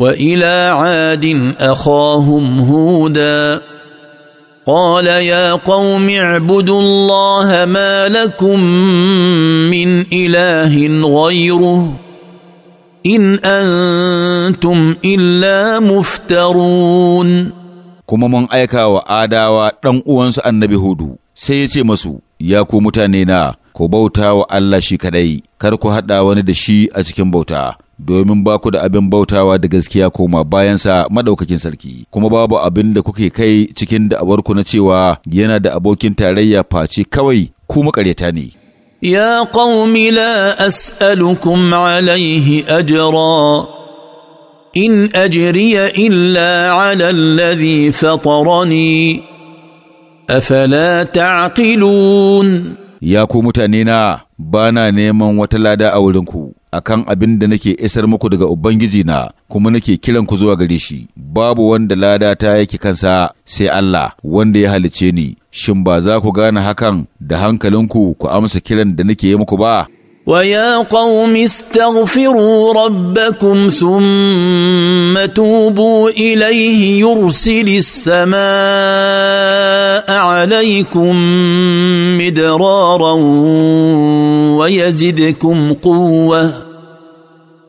Wa ila adin akhahum huda. قال يا قوم اعبدوا الله ما لكم من اله غيره ان انتم الا مفترون kuma mun aika wa adawa ɗan uwansu annabi hudu sai ya ce masu ya ku mutane na ku bauta wa Allah shi kaɗai kar ku haɗa wani da shi a cikin bauta domin ba ku da abin bautawa da gaskiya koma bayansa madaukakin sarki kuma babu abin da kuke kai cikin da'awarku na cewa yana da abokin tarayya face kawai ku makareta ne ya qaumi la as'alukum alayhi ajra in اجري illa ala alladhi fatarani afala ta'qilun ya ku na bana neman wata lada a wurinku akan abin da nake isar muku daga Ubangiji na kuma nake kiran ku zuwa gare shi babu wanda lada ta yake kansa sai Allah wanda ya halicce ni shin ba za ku gane hakan da hankalinku ku amsa kiran da nake yi muku ba ويا قوم استغفروا ربكم ثم توبوا اليه يرسل السماء عليكم مدرارا ويزدكم قوه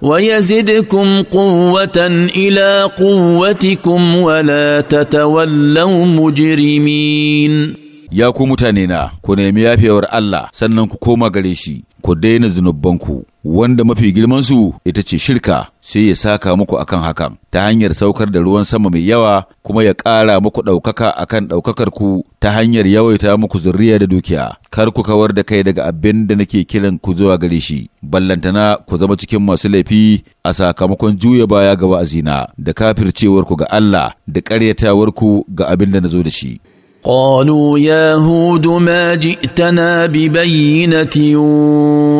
ويزدكم قوه الى قوتكم ولا تتولوا مجرمين ya ku mutane na ku nemi yafewar Allah sannan ku koma gare shi ku daina zunubanku wanda mafi girman su ita ce shirka sai ya saka muku akan hakan ta hanyar saukar da ruwan sama mai yawa kuma ya ƙara muku ɗaukaka akan ɗaukakar ku ta hanyar yawaita muku zurriya da dukiya kar ku kawar da kai daga abin da nake kiran ku zuwa gare shi ballantana ku zama cikin masu laifi a sakamakon juya baya ga wa'azina da kafircewar ku ga Allah da ƙaryatawar ku ga abin da na zo da shi قالوا يا هود ما جئتنا ببينه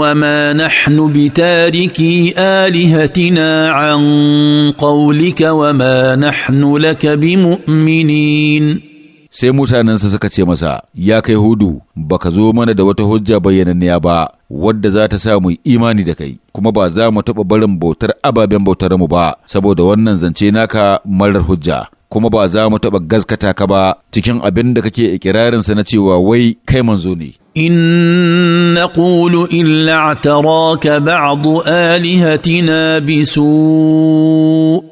وما نحن بتاركي الهتنا عن قولك وما نحن لك بمؤمنين sai mutanensa suka ce masa ya kai hudu baka zo mana da wata hujja bayyananniya ba wadda za ta sa mu imani da kai kuma ba za mu taɓa barin bautar ababen bautar mu ba saboda wannan zance naka marar hujja kuma ba za mu taɓa gaskata ka ba cikin abin da kake ikirarinsa na cewa wai kai manzo ne. In na ƙulu illa taraka ba'du alihatina bisu,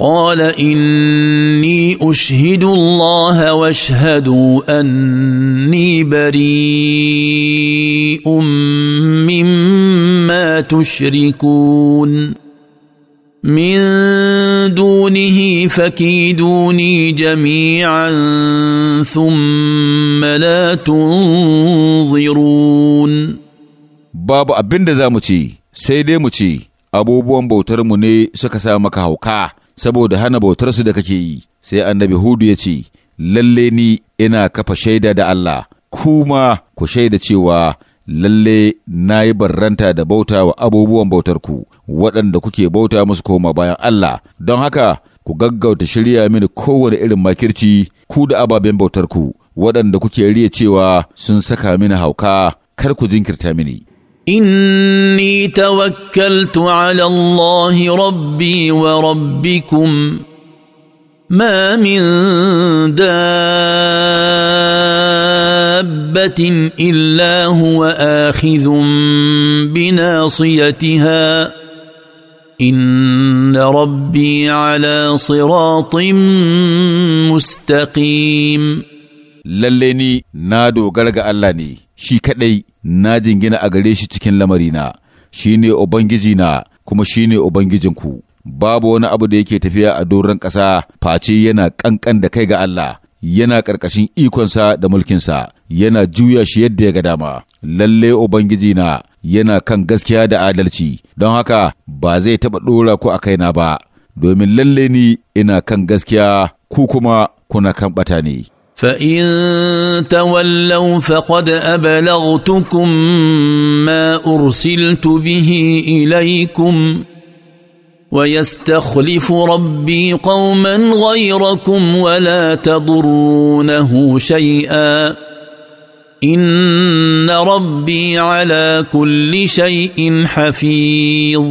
ƙola inni ushidu Allah wa shahadu anni bari ummin ma tushrikun. من دونه فكيدوني جميعا ثم لا تنظرون babu abin da za mu ci sai dai mu ce, abubuwan bautarmu ne suka sa maka hauka saboda hana bautarsu da kake yi sai annabi hudu ya ce lallai ni ina kafa shaida da Allah kuma ku shaida cewa lalle na yi barranta da bauta wa abubuwan bautarku waɗanda kuke bauta musu koma bayan Allah, don haka ku gaggauta shirya mini kowane irin makirci ku da ababen bautarku waɗanda kuke riya cewa sun saka mini hauka kar ku jinkirta mini. Inni tawakkaltu ala Allah rabbi wa rabbikum ما من دابه الا هو اخذ بناصيتها ان ربي على صراط مستقيم lalle ni na dogara ga Allah ne shi kadai na jingina a gare shi cikin lamarina shine ubangijina kuma shine ubangijinku babu wani abu da yake tafiya a doron ƙasa face yana ƙanƙan da kai ga Allah yana ƙarƙashin ikonsa da mulkinsa yana juya shi yadda ya ga dama lalle ubangiji na yana kan gaskiya da adalci don haka ba zai taɓa ɗora ku a kaina ba domin lalle ni ina kan gaskiya ku kuma kuna kan ɓata ne fa تولوا فقد ابلغتكم ما ارسلت به اليكم ويستخلف ربي قوما غيركم ولا تضرونه شيئا ان ربي على كل شيء حفيظ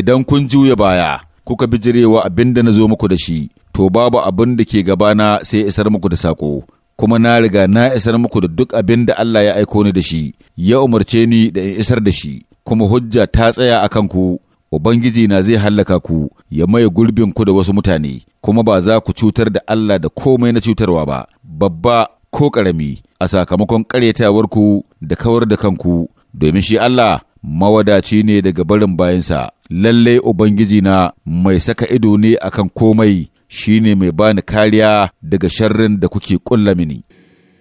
idan kun juya baya kuka bijirewa abin da na zo muku da shi to babu abin da ke gabana sai isar muku da saƙo kuma na riga na isar muku da duk abin da Allah ya aiko ni da shi ya umarce ni da in isar da shi kuma hujja ta tsaya a kanku Ubangiji na zai hallaka ku ya maye gurbin ku da wasu mutane, kuma ba za ku cutar da Allah da komai na cutarwa ba, babba ko ƙarami, a sakamakon ƙaryatawarku da kawar da kanku, domin shi Allah mawadaci ne daga barin bayansa. Lallai Ubangiji na mai saka ido ne akan komai, shi ne mai bani kariya daga sharrin da kuke ƙulla mini.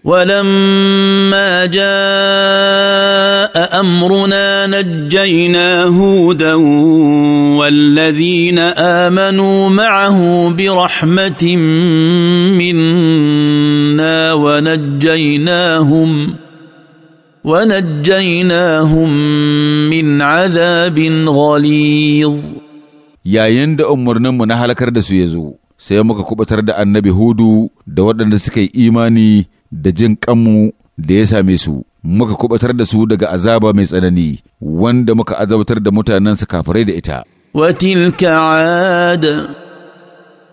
ولما جاء امرنا نجينا هودا والذين امنوا معه برحمه منا ونجيناهم ونجيناهم من عذاب غليظ يا يند أمرنا منها لكردس يزو sai muka kubutar da annabi Hudu da waɗanda suka yi imani da jin kanmu da ya same su, muka kubutar da su daga azaba mai tsanani wanda muka azabtar da mutanensa kafirai da ita. وتلك عاد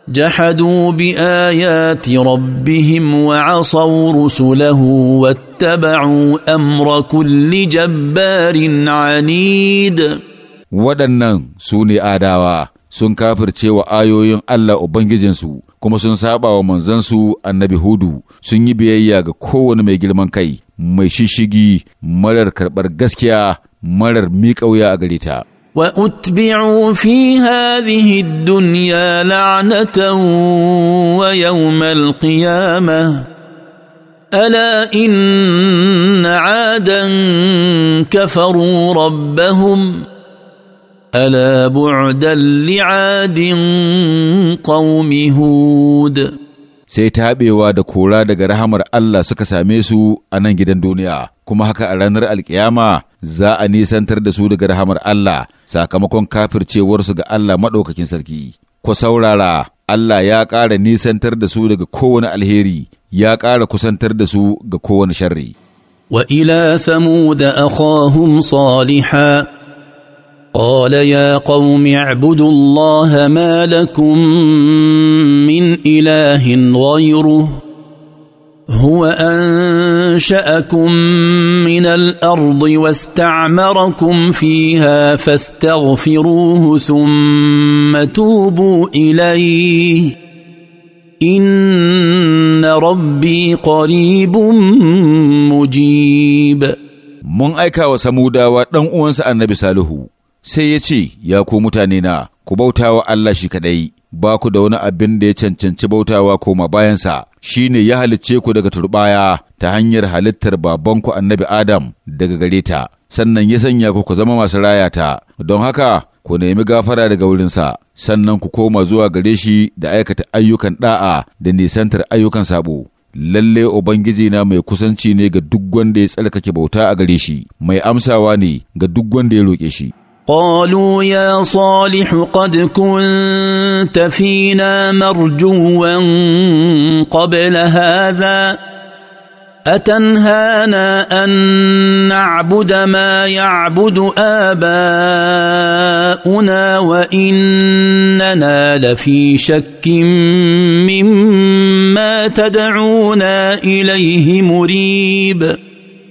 جحدوا بآيات ربهم وعصوا رسله واتبعوا أمر كل جبار عنيد. waɗannan su ne adawa sun kafirce wa ayoyin Allah Ubangijinsu kuma sun saba wa manzansu annabi Hudu sun yi biyayya ga kowane mai girman kai mai shishigi marar karɓar gaskiya marar miƙa wuya a gare ta. واتبعوا في هذه الدنيا لعنه ويوم القيامه الا ان عادا كفروا ربهم الا بعدا لعاد قوم هود sai ta haɓewa da kora daga rahamar Allah suka same su a nan gidan duniya, kuma haka a ranar alkiyama za a nisantar da su daga rahamar Allah sakamakon kafircewarsu ga Allah maɗaukakin sarki. Ku saurara, Allah ya ƙara nisantar da su daga kowane alheri, ya ƙara kusantar da su ga kowane sharri. samu da أخاهم صالحًا قال يا قوم اعبدوا الله ما لكم من اله غيره هو انشاكم من الارض واستعمركم فيها فاستغفروه ثم توبوا اليه ان ربي قريب مجيب من ايكا وسمودا ودن uwansa النبي صالحو sai ya ce, Ya ku mutane na, ku bautawa Allah shi kaɗai, ba ku da wani abin da ya cancanci bautawa koma bayansa, shi ne ya halicce ku daga turbaya ta hanyar halittar babanku annabi Adam daga gare ta, sannan ya sanya ku ku zama masu rayata, don haka ku nemi gafara daga wurinsa, sannan ku koma zuwa gare shi da aikata ayyukan ɗa'a da nisantar ayyukan sabo. lalle Ubangiji na mai kusanci ne ga duk wanda ya tsarkake bauta a gare shi, mai amsawa ne ga duk wanda ya roƙe shi. قالوا يا صالح قد كنت فينا مرجوا قبل هذا اتنهانا ان نعبد ما يعبد اباؤنا واننا لفي شك مما تدعونا اليه مريب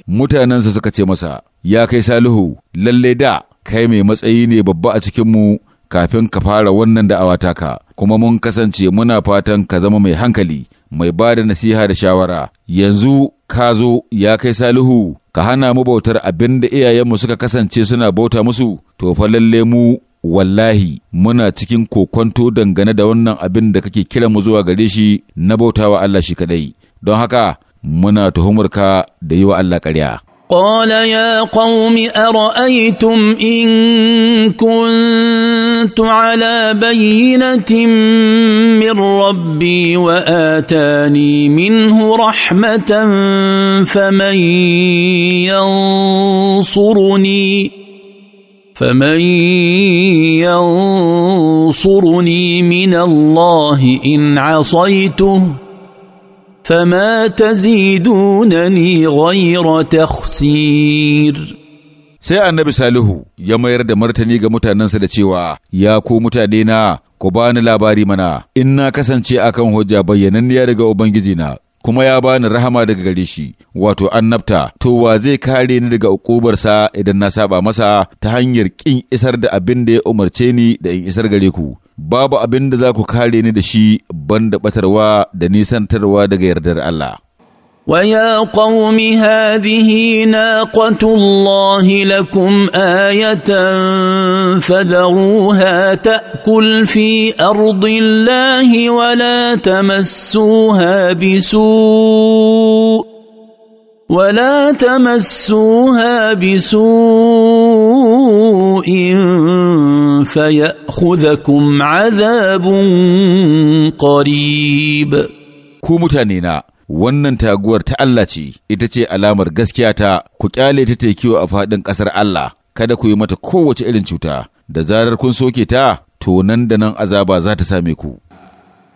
mutanensa suka ce masa, Ya kai Salihu, lalle da, kai mai matsayi ne babba a cikinmu kafin ka fara wannan da'awa taka, kuma mun kasance muna fatan ka zama mai hankali, mai ba da nasiha da shawara. Yanzu ka zo, ya kai Salihu, ka hana mu bautar abin da iyayenmu suka kasance suna bauta musu, to fa lalle mu wallahi muna cikin kokwanto dangane da wannan abin da kake kira mu zuwa gare shi na bautawa Allah shi kadai don haka muna tuhumarka da yi wa Allah ƙarya. قال يا قوم ارايتم ان كنت على بينه من ربي واتاني منه رحمه فمن ينصرني فمن ينصرني من الله ان عصيته فما تزيدونني غير تخسير sai annabi salihu ya mayar da martani ga mutanensa da cewa ya ku mutane na ku bani labari mana in na kasance akan hujja bayyananniya daga ubangijina kuma ya bani rahama daga gare shi wato annabta to wa zai kare ni daga ukubarsa idan na saba masa ta hanyar kin isar da abin da ya umarce ni da in isar gare ku babu abin da za ku kare ni da shi ban da batarwa da nisantarwa daga yardar Allah ويا قوم هذه ناقة الله لكم آية فذروها تأكل في أرض الله ولا تمسوها بسوء ولا تمسوها بسوء فيأخذكم عذاب قريب wannan taguwar ta Allah ce ita ce alamar gaskiya ta ku kyale ta kiwo a faɗin ƙasar Allah kada ku yi mata kowace irin cuta da zarar kun soke ta to nan da nan azaba za ta same ku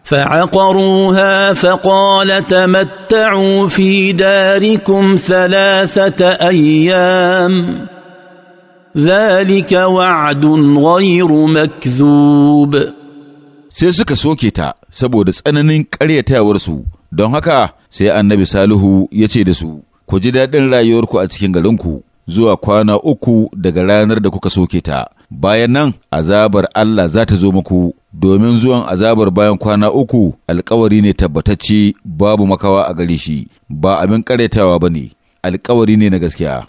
فعقروها فقال تمتعوا في داركم ta ayyam, ذلك وعد غير مكذوب sai suka soke ta saboda tsananin ƙaryatawarsu don haka sai annabi Salihu ya ce da su, Ku ji daɗin rayuwarku a cikin garinku zuwa kwana uku daga ranar da kuka soke ta, bayan nan azabar Allah za ta zo muku, domin zuwan azabar bayan kwana uku alkawari ne tabbatacce babu makawa a gare shi, ba abin ƙaretawa ba ne, alkawari ne na gaskiya.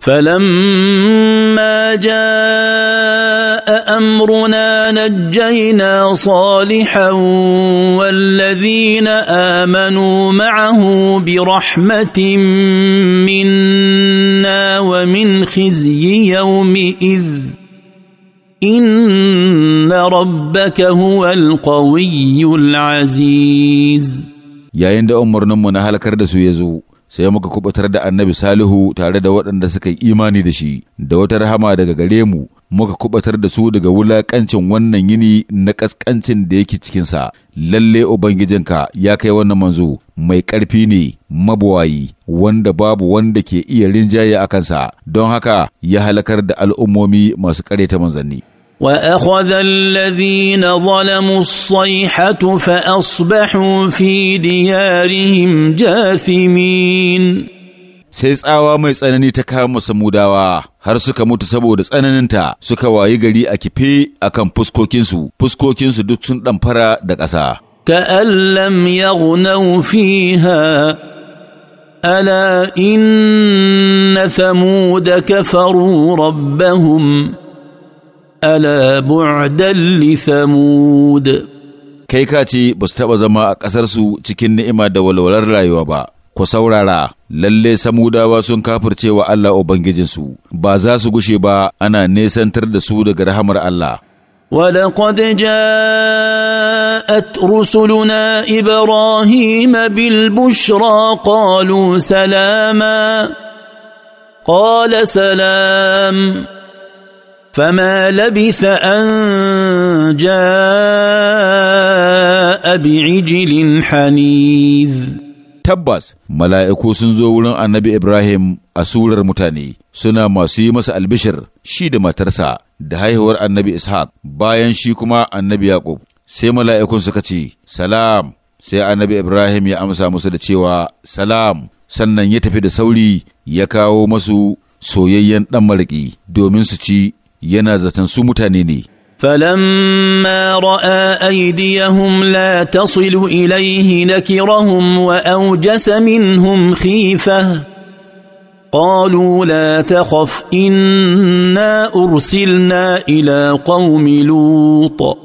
فلما جاء امرنا نجينا صالحا والذين امنوا معه برحمه منا ومن خزي يومئذ ان ربك هو القوي العزيز يا عند امرنا من هلكر دسو يزو sai muka kubutar da annabi Salihu tare da waɗanda suka yi imani da shi, da wata rahama daga gare mu, muka kubatar da su daga wulaƙancin wannan yini na ƙasƙancin da yake cikinsa. Lalle Ubangijinka ya kai wannan manzo, mai ƙarfi ne, mabuwayi, wanda babu wanda ke iya rinjaye a kansa, don haka ya halakar da al'ummomi masu ƙareta manzanni. واخذ الذين ظلموا الصيحه فاصبحوا في ديارهم جاثمين sai tsawa mai tsanani ta kama samudawa har suka mutu saboda tsananinta suka wayi gari a kife akan fuskokinsu fuskokinsu duk sun ɗamfara da ƙasa كأن لم يغنوا فيها ألا إن ثمود kafaru "Rabbahum" ألا بعدا لثمود kai ka ce ba su taɓa zama a ƙasarsu cikin ni'ima da walwalar rayuwa ba, ku saurara, lalle samudawa sun kafirce wa Allah Ubangijinsu, ba za su gushe ba ana nesantar da su daga rahamar Allah. ولقد جاءت رسلنا إبراهيم بالبشرى قالوا سلاما قال سلام فما لبث ان جاء بعجل حنيذ tabbas mala'iku sun zo wurin annabi Ibrahim a surar mutane suna masu yi masa albishar, shi da matarsa da haihuwar annabi Ishaq bayan shi kuma annabi Yaƙub. Sai mala'ikun suka ce, Salam, sai annabi Ibrahim ya amsa musu da cewa, Salam, sannan ya tafi da sauri ya kawo masu soyayyen ɗan maraƙi domin su ci yana zaton su فلما رأى أيديهم لا تصل إليه نكرهم وأوجس منهم خيفة قالوا لا تخف إنا أرسلنا إلى قوم لوط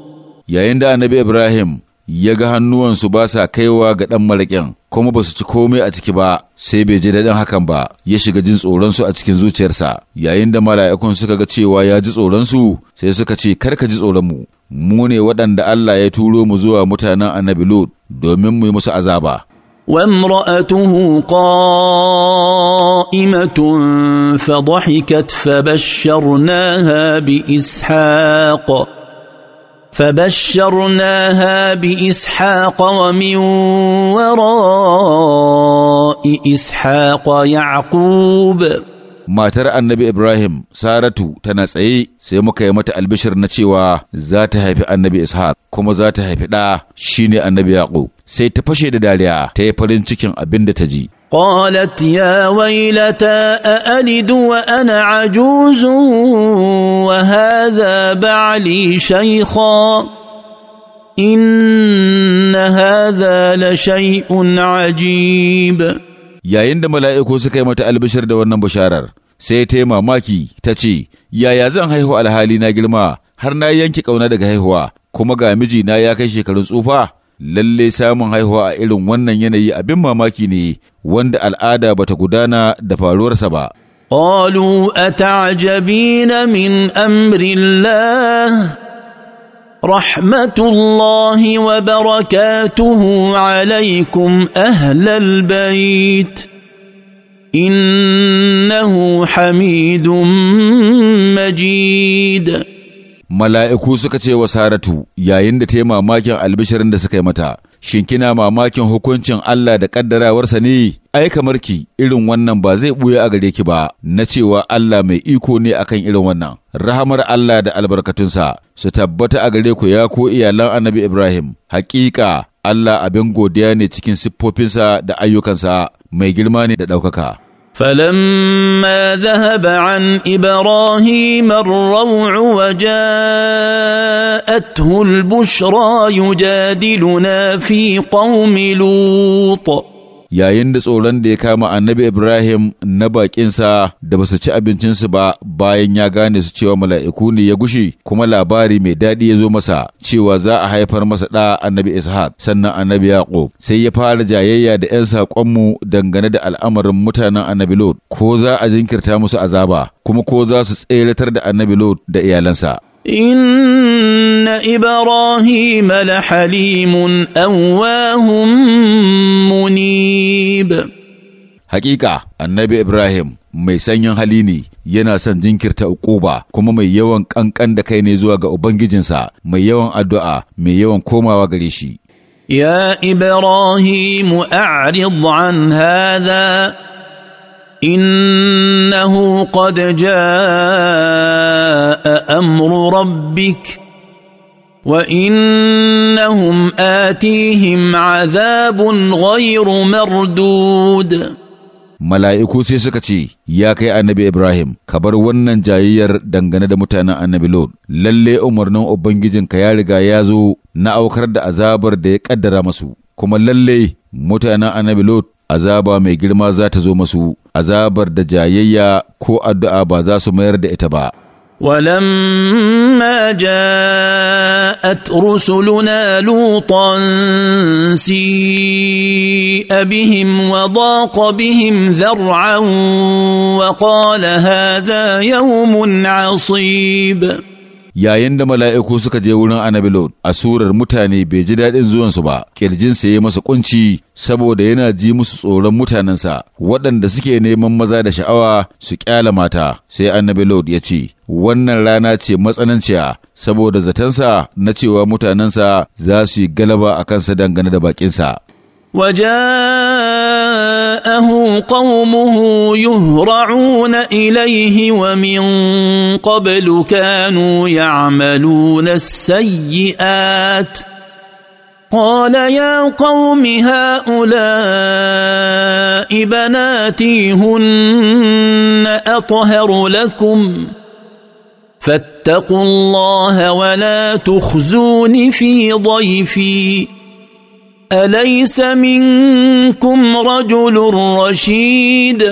يا إندا نبي إبراهيم يا نوان سباسا كيوا قد أم ملكين kuma ba su ci komai a ciki ba sai bai ji daɗin hakan ba ya shiga jin tsoron su a cikin zuciyarsa yayin da mala'ikun suka ga cewa ya ji tsoronsu sai suka ce kar ka ji tsoron mu mu ne waɗanda Allah ya turo mu zuwa mutanen annabi Lut domin mu yi musu azaba وامرأته قائمة فضحكت فبشرناها بإسحاق فبشرناها باسحاق ومن وراء اسحاق يعقوب matar annabi Ibrahim Saratu tana tsaye sai muka yi mata albishir na cewa za ta haifi annabi Ishaq kuma za ta haifi ɗa shine annabi Yaqub sai ta fashe da dariya ta yi farin cikin abin da ta ji قالت يا ويلتى أألد وأنا عجوز وهذا بعلي شيخا إن هذا لشيء عجيب yayin da mala'iku suka yi mata albishir da wannan bisharar sai ta yi mamaki ta ce yaya zan haihu alhali na girma har na yanke ƙauna daga haihuwa kuma ga mijina ya kai shekarun tsufa lalle samun haihuwa a irin wannan yanayi abin mamaki ne wanda al'ada bata gudana da faruwarsa ba. قالوا أتعجبين من أمر الله رحمة الله وبركاته عليكم أهل البيت إنه حميد مجيد Mala'iku suka ce wa Saratu yayin da ta yi mamakin albishirin da suka yi mata, Shin kina mamakin hukuncin Allah da ƙaddarawarsa ne? Ai, kamar ki irin wannan ba zai ɓuya a gare ki ba, na cewa Allah mai iko ne akan irin wannan. Rahamar Allah da albarkatunsa su tabbata a gare ku ya ko iyalan annabi Ibrahim. Haƙiƙa Allah abin godiya ne cikin siffofinsa da ayyukansa mai girma ne da ɗaukaka. فلما ذهب عن ابراهيم الروع وجاءته البشرى يجادلنا في قوم لوط yayin da tsoron da ya kama annabi Ibrahim na bakinsa da ba su ci abincinsu ba bayan ya gane su cewa mala'iku ne ya gushi kuma labari mai daɗi ya zo masa cewa za a haifar masa ɗa annabi Ishaq sannan annabi Yaƙub sai ya fara jayayya da ‘yan saƙonmu dangane da al'amarin mutanen annabi Lot ko za a jinkirta musu azaba kuma ko za su tseratar da annabi Lot da iyalansa. ان ابراهيم لحليم اواه منيب Haƙiƙa, annabi Ibrahim mai sanyin hali ne yana son jinkirta Ukuba, kuma mai yawan ƙanƙan da kai ne zuwa ga Ubangijinsa mai yawan addu'a mai yawan komawa gare shi. Ya Ibrahim a'rid an hadha انه قد جاء امر ربك وانهم اتيهم عذاب غير مردود mala'iku sai suka ce, Ya kai annabi Ibrahim, ka bar wannan jayayyar dangane da mutanen annabi Lot, lalle umarnin Ubangijinka ya riga ya zo na aukar da azabar da ya ƙaddara masu, kuma lalle mutanen annabi Lot azaba mai girma za ta zo masu azabar da jayayya ko addu'a ba za su mayar da ita ba ولما جاءت رسلنا لوطا سيء بهم وضاق بهم ذرعا وقال هذا يوم عصيب yayin da mala'iku suka je wurin annabi Lot a surar mutane bai ji daɗin zuwansu ba ƙirjinsa ya masa ƙunci saboda yana ji musu tsoron mutanensa waɗanda suke neman maza da sha'awa su ƙyala mata sai annabi ya ce wannan rana ce matsananciya saboda zatansa na cewa mutanensa za su yi galaba a kansa dangane da bakinsa وجاءه قومه يهرعون اليه ومن قبل كانوا يعملون السيئات قال يا قوم هؤلاء بناتي هن اطهر لكم فاتقوا الله ولا تخزون في ضيفي أليس منكم رجل رشيد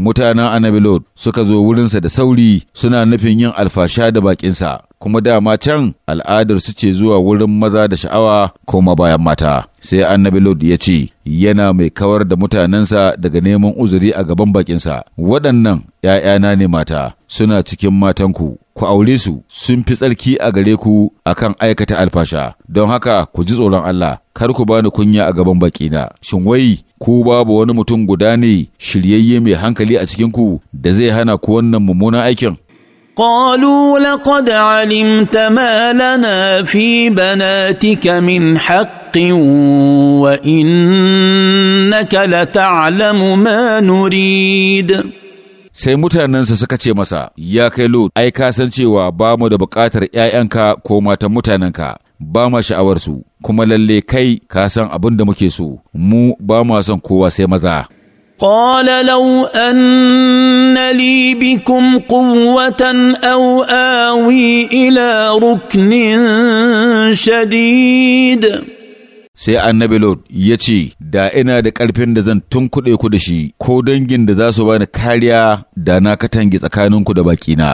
mutanen annabi suka zo wurinsa da sauri suna nufin yin alfasha da bakinsa kuma dama can al'adar su ce zuwa wurin maza da sha'awa koma bayan mata sai annabi ya ce yana mai kawar da mutanensa daga neman uzuri a gaban bakinsa waɗannan ‘ya'yana ne mata suna cikin matanku ku aure su sun fi tsarki a gare ku akan aikata alfasha don haka ku ji tsoron Allah kar ku bani kunya a gaban bakina shin wai ku babu wani mutum guda ne shiryayye mai hankali a cikin ku da zai hana ku wannan mummunan aikin قالوا لقد علمت ما لنا في بناتك من حق وانك لتعلم ما نريد sai mutanensa suka ce masa, Ya kai Lut, ai ka san cewa ba mu da bukatar ‘ya'yanka ko matan mutanenka, ba ma sha'awarsu, kuma lalle kai ka san abin da muke so, mu ba ma son kowa sai maza. قال لو أن لي بكم قوة أو آوي إلى ركن شديد sai annabi Lord ya ce, Da ina da ƙarfin da zan tunkuɗe ku da shi, ko dangin da za su bani kariya da na katange tsakaninku da baƙina.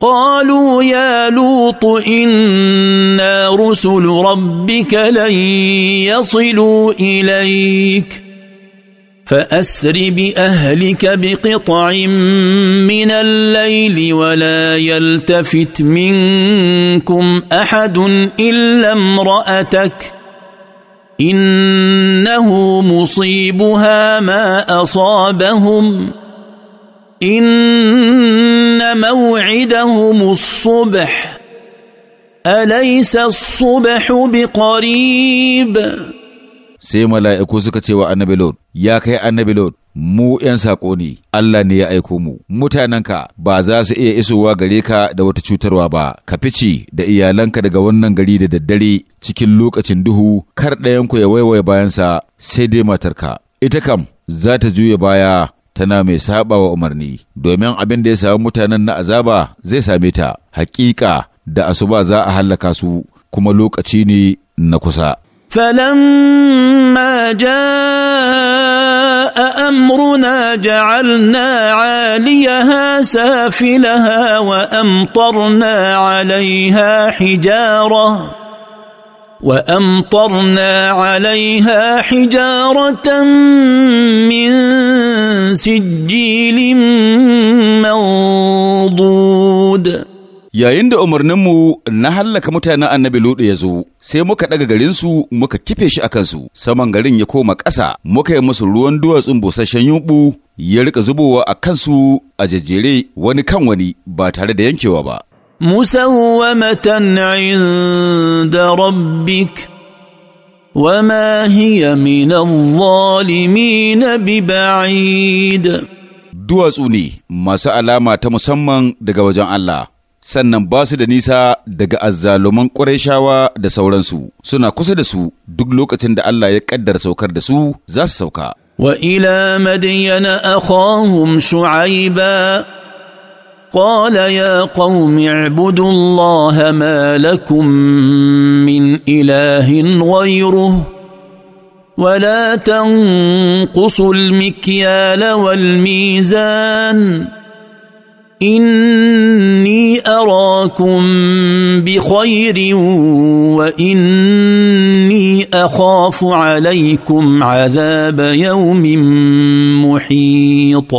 قالوا يا لوط إنا رسل ربك لن يصلوا إليك فأسر بأهلك بقطع من الليل ولا يلتفت منكم أحد إلا امرأتك ۖ انه مصيبها ما اصابهم ان موعدهم الصبح اليس الصبح بقريب sai mala'iku suka ce wa annabi lord ya kai annabi lord mu ‘yan saƙo ne, Allah ne ya aiko mu, mutanenka ba za su iya isowa gare ka da wata cutarwa ba, ka fice da iyalanka daga wannan gari da daddare cikin lokacin duhu, kar ɗayanku ya waiwaye bayansa sai dai matarka. Ita kam za ta juya baya tana mai saɓa wa umarni, domin abin da ya samu mutanen na azaba zai same ta, Haƙiƙa da asuba za a hallaka su, kuma lokaci ne na kusa. فلما امرنا جعلنا عاليها سافلها وامطرنا عليها حجاره وامطرنا عليها حجاره من سجيل منضود Yayin da umarninmu na hallaka mutanen annabi Lutu ya zo, sai muka ɗaga garinsu muka kife shi a kansu, saman garin ya koma ƙasa, muka yi musu ruwan duwatsun busasshen yunɓu ya rika zubowa a kansu a jejjere wani kan wani ba tare da yankewa ba. مسومة عند duwatsu ne masu alama ta musamman daga wajen Allah sannan ba su da nisa daga azzaluman shawa da sauransu suna kusa da su duk lokacin da Allah ya ƙaddara saukar da su za su sauka وإلى مدين أخاهم شعيبا قال يا قوم اعبدوا الله ما لكم من إله غيره ولا تنقصوا المكيال والميزان إني أراكم بخير وإني أخاف عليكم عذاب يوم محيط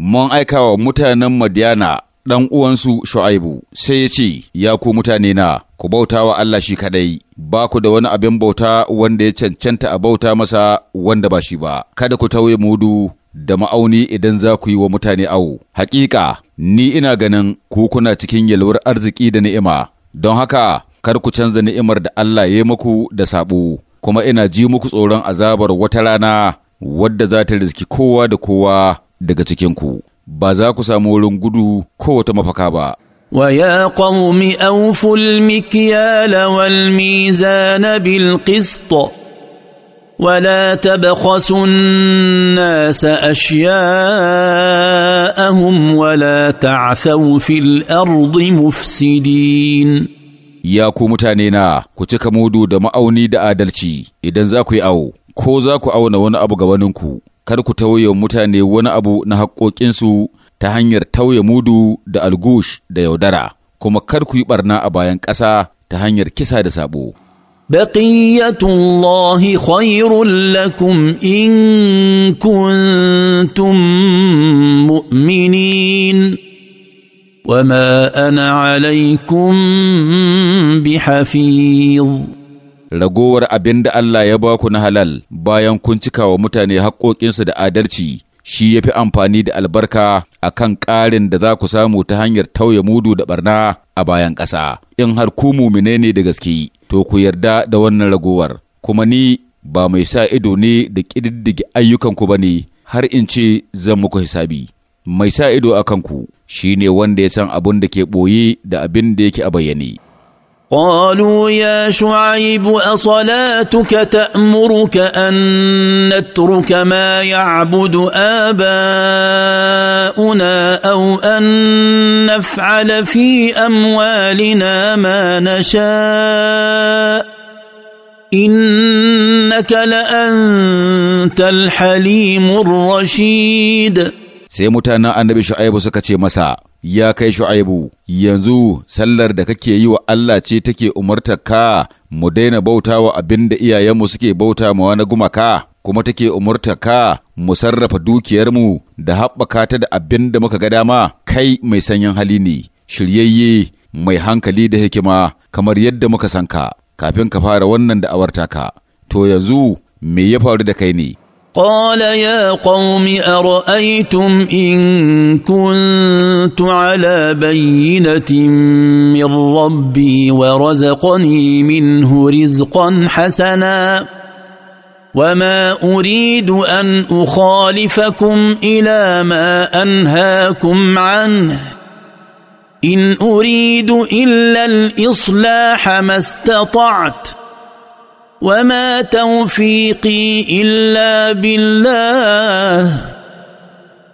mun aika wa mutanen Madiyana ɗan'uwansu uwansu Shu'aibu sai ya ce, Ya ku mutane na, ku bauta wa Allah shi kaɗai, ba ku da wani abin bauta wanda ya cancanta a bauta masa wanda ba shi ba, kada ku tauye mudu da ma'auni idan za ku yi wa mutane awo. Hakika, ni ina ganin ku kuna cikin yalwar arziki da ni'ima, don haka kar ku canza ni'imar da Allah ya muku da saɓo, kuma ina ji muku tsoron azabar wata rana wadda za ta riski kowa da kowa daga cikinku. Ba za ku samu wurin gudu ko wata mafaka ba. ويا قوم أوفوا المكيال والميزان بالقسط ولا تبخسوا الناس اشياءهم ولا تعثوا في الارض مفسدين ya ku mutane na ku cika mudu da ma'auni da adalci idan za ku yi awo ko za ku auna wani abu waninku, kar ku tauye mutane wani abu na haƙoƙinsu ta hanyar tauye mudu da algush da yaudara kuma kar kuyi ɓarna a bayan ƙasa ta hanyar kisa da saɓo. بقيه الله خير لكم ان كنتم مؤمنين وما انا عليكم بحفيظ ragowar abin da Allah ya ba ku na halal bayan kun cika wa mutane haƙoƙinsu da adalci shi ya fi amfani da albarka a kan ƙarin da za ku samu ta hanyar tauye mudu da ɓarna a bayan ƙasa in har ku mumine ne da gaske to ku yarda da wannan ragowar, kuma ni ba mai sa ido ne da ƙididdige ayyukanku ba ne har in ce zan muku hisabi. Mai sa ido a kanku shi ne wanda ya san abin da ke ɓoye da abin da yake a bayyane. قالوا يا شعيب اصلاتك تامرك ان نترك ما يعبد اباؤنا او ان نفعل في اموالنا ما نشاء انك لانت الحليم الرشيد sai mutanen annabi shu'aibu suka ce ya kai shu'aibu yanzu sallar da kake yi wa Allah ce take umartar ka mu daina bauta wa abin da iyayenmu suke bauta ma na gumaka kuma take umarta ka mu sarrafa dukiyarmu da haɓaka ta da abin da muka ga dama kai mai sanyin hali ne shiryayye mai hankali da hikima kamar yadda muka san ka kafin ka fara wannan da'awar taka to yanzu me ya faru da kai ne قال يا قوم ارايتم ان كنت على بينه من ربي ورزقني منه رزقا حسنا وما اريد ان اخالفكم الى ما انهاكم عنه ان اريد الا الاصلاح ما استطعت وما توفيقي الا بالله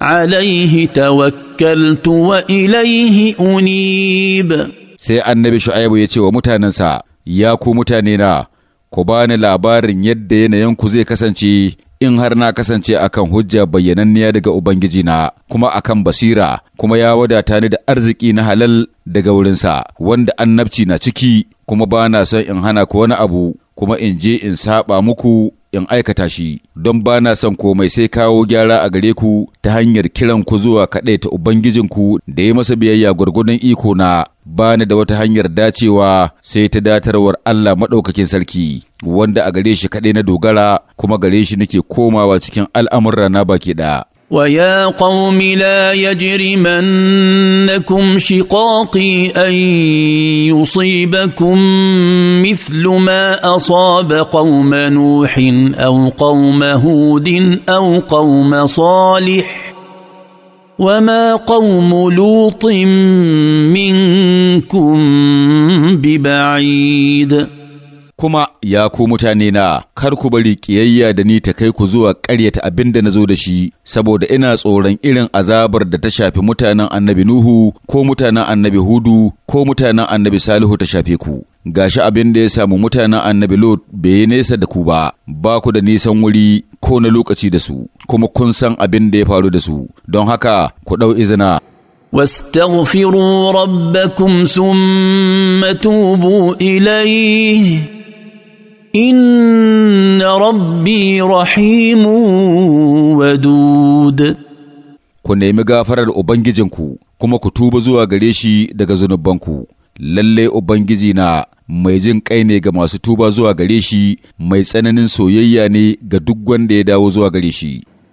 عليه توكلت واليه انيب sai annabi shu'aibu ya ce wa mutanensa ya ku mutanena ku bani labarin yadda yanayinku zai kasance in har na kasance a kan hujja bayyananniya daga Ubangiji na kuma kan basira kuma ya wadata ni da arziki na halal daga wurinsa wanda annabci na ciki kuma ba na son in hana ku wani abu kuma in je in saba muku in aikata shi don ba na son komai sai kawo gyara a gare ku ta hanyar kiran ku zuwa kaɗaita ubangijinku da ya masa biyayya gwargwadon iko na ba da wata hanyar dacewa sai ta datarwar Allah maɗaukakin sarki wanda a gare shi kaɗai na dogara kuma gare shi nake komawa cikin al'amurra na baki ɗaya. ويا قوم لا يجرمنكم شقاقي ان يصيبكم مثل ما اصاب قوم نوح او قوم هود او قوم صالح وما قوم لوط منكم ببعيد kuma ya ku mutane na kar ku bari ƙiyayya da ni ta kai ku zuwa ƙaryata abin da na zo da shi saboda ina tsoron irin azabar da ta shafi mutanen annabi Nuhu ko mutanen annabi Hudu ko mutanen annabi Salihu ta shafe ku gashi abin da ya samu mutanen annabi Lot bai nesa da ku ba ba ku da nisan wuri ko na lokaci da su kuma kun san abin da ya faru da su don haka ku ɗau izina واستغفروا ربكم ثم توبوا اليه ان ربي رحيم ودود ku nemi gafarar ubangijinku kuma ku tuba zuwa gare shi daga zunubanku lalle ubangiji na mai jin kai ne ga masu tuba zuwa gare shi mai tsananin soyayya ne ga duk wanda ya dawo zuwa gare shi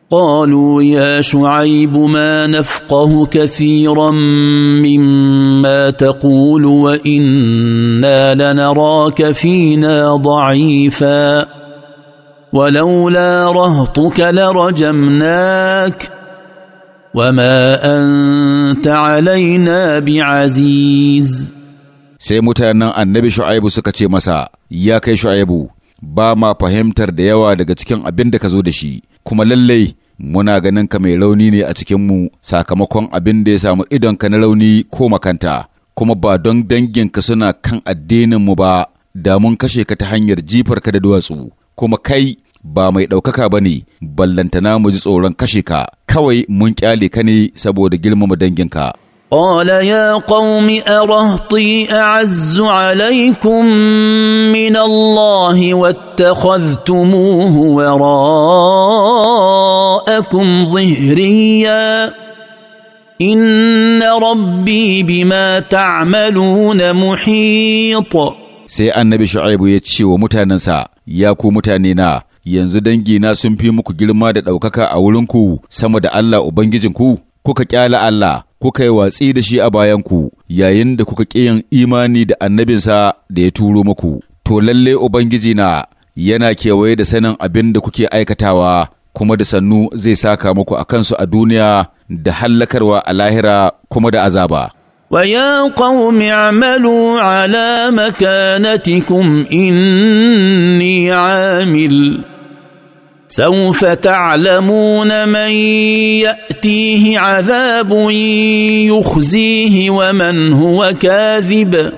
قالوا يا شعيب ما نفقه كثيرا مما تقول وانا لنراك فينا ضعيفا ولولا رهطك لرجمناك وما انت علينا بعزيز sai mutanen annabi shu'aibu suka ce masa ya kai shu'aibu ba ma fahimtar da yawa daga cikin abin da ka zo da shi kuma lallai muna ganin ka mai rauni ne a cikinmu sakamakon abin da ya samu idonka na rauni ko makanta, kuma ba don danginka suna kan addininmu ba da mun kashe ka ta hanyar jifar ka da duwatsu, kuma kai ba mai ɗaukaka ba ne, ballantana mu ji tsoron kashe ka, kawai mun ƙyale ka ne saboda girmama danginka. قال يا قوم ارهطي اعز عليكم من الله واتخذتموه وراءكم ظهريا ان ربي بما تعملون محيط sai annabi shu'aibu ya ce wa mutanensa ya ku mutane na yanzu na sun fi muku girma da ɗaukaka a wurinku sama da Allah Ubangijinku kuka ƙyale Allah kuka yi watsi da shi a bayanku yayin da kuka ƙi yin imani da annabinsa da ya turo muku, to lalle Ubangiji na yana kewaye da sanin abin da kuke aikatawa kuma da sannu zai saka muku a kansu a duniya da hallakarwa a lahira kuma da azaba. ويا قوم اعملوا على مكانتكم إني عامل سوف تعلمون من ياتيه عذاب يخزيه wa هو كاذب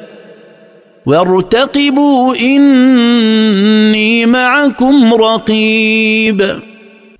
وارتقبوا اني معكم رقيب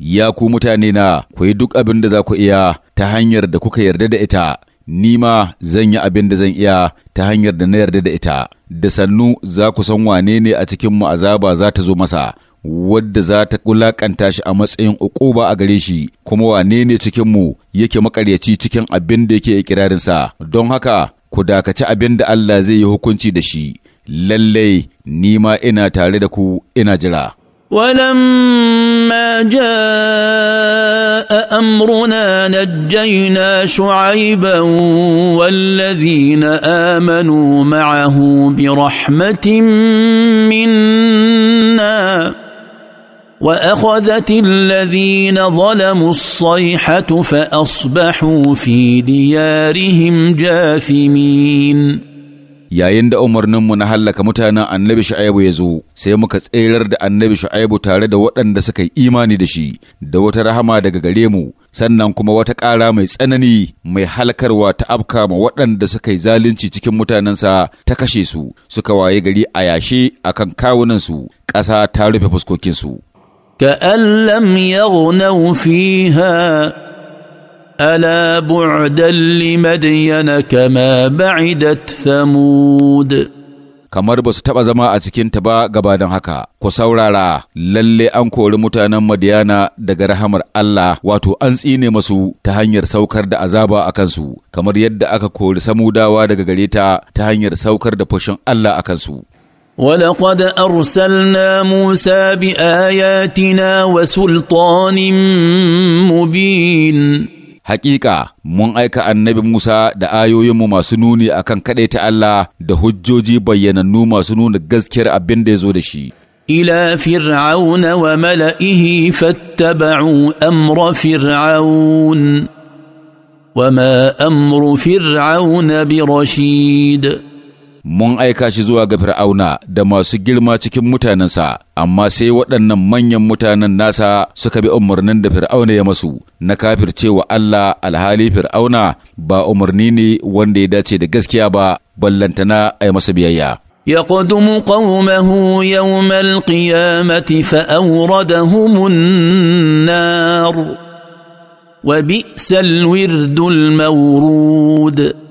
ya ku mutane na ku yi duk abinda da za ku iya ta hanyar da kuka yarda da ita ni ma zan yi abinda zan iya ta hanyar da na yarda da ita da sannu za ku san wane ne a cikin mu azaba za ta zo masa wadda za ta wulaƙanta shi a matsayin ukuba a gare shi kuma wane ne cikinmu yake makaryaci cikin abin da yake ikirarinsa don haka ku dakaci abin da Allah zai yi hukunci da shi lallai ni ma ina tare da ku ina jira ولما جاء امرنا نجينا شعيبا والذين امنوا معه منا واخذت الذين ظلموا الصيحه فاصبحوا في ديارهم جاثمين yayin da umarninmu na hallaka mutanen annabi shu'aibu ya zo sai muka tserar da annabi shu'aibu tare da waɗanda suka yi imani da shi da wata rahama daga gare mu sannan kuma wata ƙara mai tsanani mai halkarwa ta afka ma waɗanda suka yi zalunci cikin mutanensa ta kashe su suka waye gari a yashe a kan kawunansu ƙasa ta rufe fuskokinsu كأن لم يغنوا فيها ألا بعدا لمدين كما بعدت ثمود kamar ba su taɓa zama a cikin ta ba gaba gabanin haka, ku saurara lalle an kori mutanen Madiyana daga rahamar Allah wato an tsine masu ta hanyar saukar da azaba a kansu, kamar yadda aka kori samudawa daga gareta ta ta hanyar saukar da fushin Allah a kansu. ولقد ارسلنا موسى باياتنا وسلطان مبين Haƙiƙa mun aika annabi Musa da ayoyinmu masu nuni akan kaɗaita Allah da hujjoji bayyanannu masu nuna gaskiyar abin da ya zo da shi. Ila fir'auna wa mala'ihi fattaba'u amra fir'aun wa ma amru Fir'aun bi rashid. mun aika shi zuwa ga fir'auna da masu girma cikin mutanensa amma sai waɗannan manyan mutanen nasa suka bi umarnin da fir'auna ya masu na kafircewa Allah alhali fir'auna ba umarni ne wanda ya dace da gaskiya ba ballantana ai masa biyayya يقدم قومه يوم القيامة فأوردهم النار وبئس الورد المورود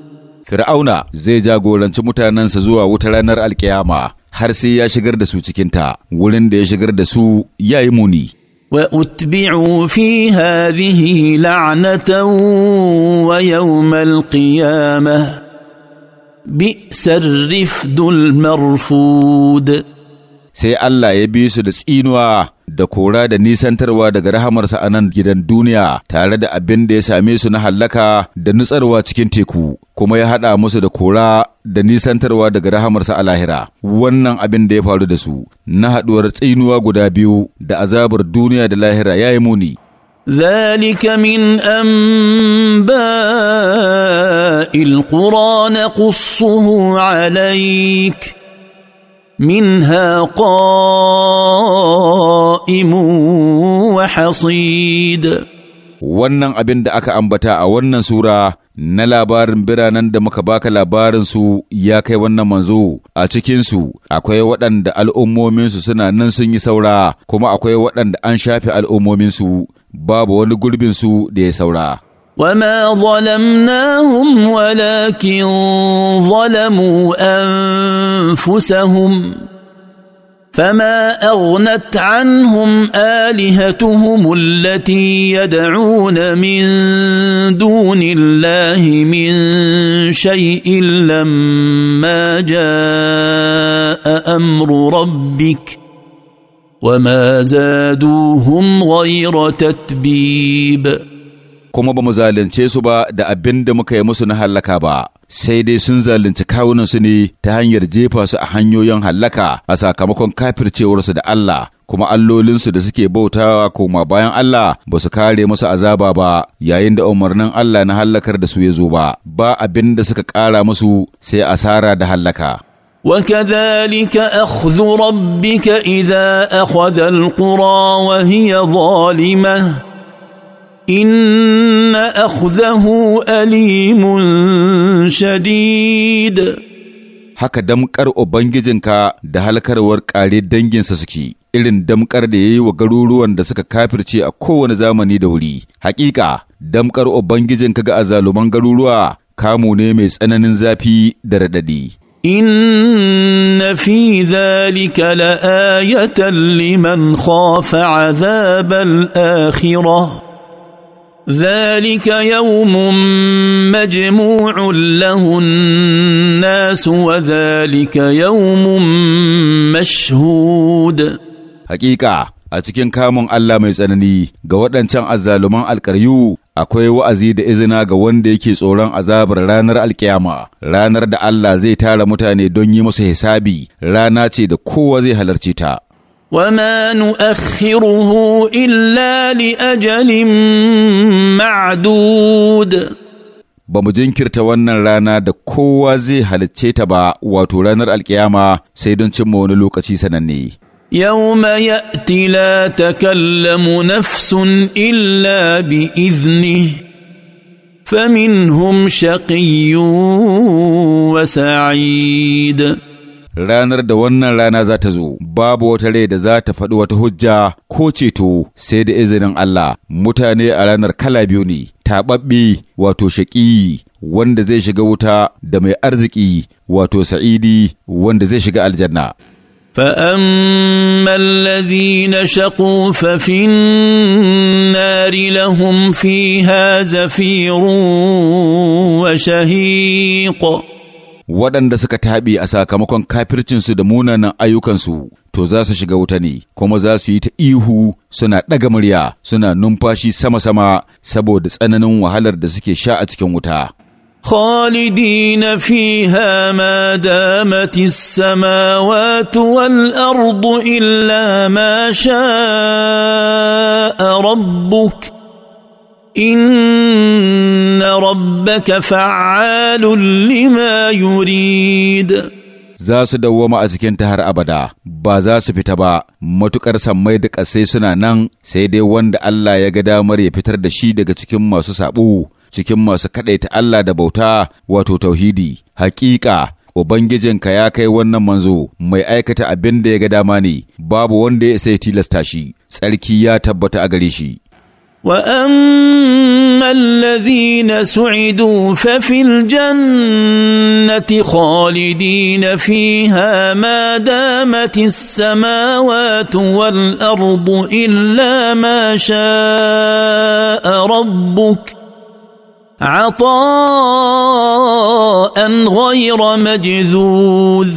Fir'auna zai jagoranci mutanensa zuwa wuta ranar alkiyama har sai ya shigar da su cikinta wurin da ya shigar da su ya yi muni. واتبعوا في هذه wa ويوم bi بئس dul marfud. sai Allah ya bi su da tsinuwa da kora da nisantarwa daga rahamarsa a nan gidan duniya tare da abin da ya same su na hallaka da nutsarwa cikin teku kuma ya haɗa musu da kora da nisantarwa daga rahamarsa a lahira wannan abin da ya faru da su na haɗuwar tsinuwa guda biyu da azabar duniya da lahira ya yi muni ذلك من انباء القرى نقصه عليك منها قائم وحصيد wannan abin da aka ambata a wannan sura na labarin biranen da muka baka labarinsu ya kai wannan manzo a cikinsu akwai waɗanda al'ummominsu suna nan sun yi saura kuma akwai waɗanda an shafe al'ummominsu babu wani gurbinsu da ya saura. وما ظلمناهم ولكن ظلموا انفسهم فما اغنت عنهم الهتهم التي يدعون من دون الله من شيء لما جاء امر ربك وما زادوهم غير تتبيب kuma ba mu zalunce su ba da abin da muka yi musu na hallaka ba, sai dai sun zalunci kawunansu ne ta hanyar jefa su a hanyoyin hallaka a sakamakon kafircewarsu da Allah, kuma allolinsu da suke bautawa koma bayan Allah ba su kare musu azaba ba yayin da umarnin Allah na hallakar da su ya zo ba, ba abin da suka ƙara musu sai asara da hallaka. وكذلك أخذ ربك إذا أخذ القرى وهي ظالمة ان اخذه اليم شديد haka damkar ubangijinka da halkarwar kare danginsa suke irin damkar da ya yi wa garuruwan da suka kafirce a kowane zamani da wuri hakika damkar ubangijinka ga azaluman garuruwa kamu ne mai tsananin zafi da raɗaɗi ان في ذلك لايه لمن خاف عذاب الاخره ذلك يوم مجموع له الناس وذلك يوم مشهود حقيقة a cikin kamun Allah mai tsanani ga waɗancan azzaluman alkaryu akwai wa'azi da izina ga wanda yake tsoron azabar ranar alkiyama ranar da Allah zai tara mutane don yi musu hisabi rana ce da kowa zai halarci ta وما نؤخره الا لاجل معدود Ba mu jinkirta wannan rana da kowa zai halicce ta ba, wato ranar alƙiyama, sai don cimma wani lokaci sananne. Yawma ya’ti la ta kallamu nafsun illa bi izni, famin hum shaƙiyu wa sa’id. ranar da wannan rana za ta zo, babu wata rai da za ta faɗi wata hujja ko ceto sai da izinin Allah, mutane a ranar kala biyu ne, taɓaɓɓe wato shaƙi wanda zai shiga wuta da mai arziki wato sa'idi wanda zai shiga aljanna. فاما الذين شقوا ففي النار لهم فيها زفير وشهيق waɗanda suka taɓe a sakamakon kafircinsu da munanan ayyukansu to za su shiga wuta ne kuma za su yi ta ihu suna ɗaga murya suna numfashi sama-sama saboda tsananin wahalar da suke sha a cikin wuta. خالدين فيها ما دامت السماوات والأرض إلا ما شاء ربك ان ربك فعال لما يريد za su dawwama a ta har abada ba za su fita ba matukar sammai da ƙasai suna nan sai dai wanda Allah ya ga damar ya fitar da shi daga cikin masu saɓo cikin masu kaɗaita Allah da bauta wato tauhidi hakika Ubangijinka ya kai wannan manzo mai aikata abin da ya ga dama ne babu wanda ya sai tilasta shi tsarki ya tabbata a gare shi واما الذين سعدوا ففي الجنه خالدين فيها ما دامت السماوات والارض الا ما شاء ربك عطاء غير مجذوذ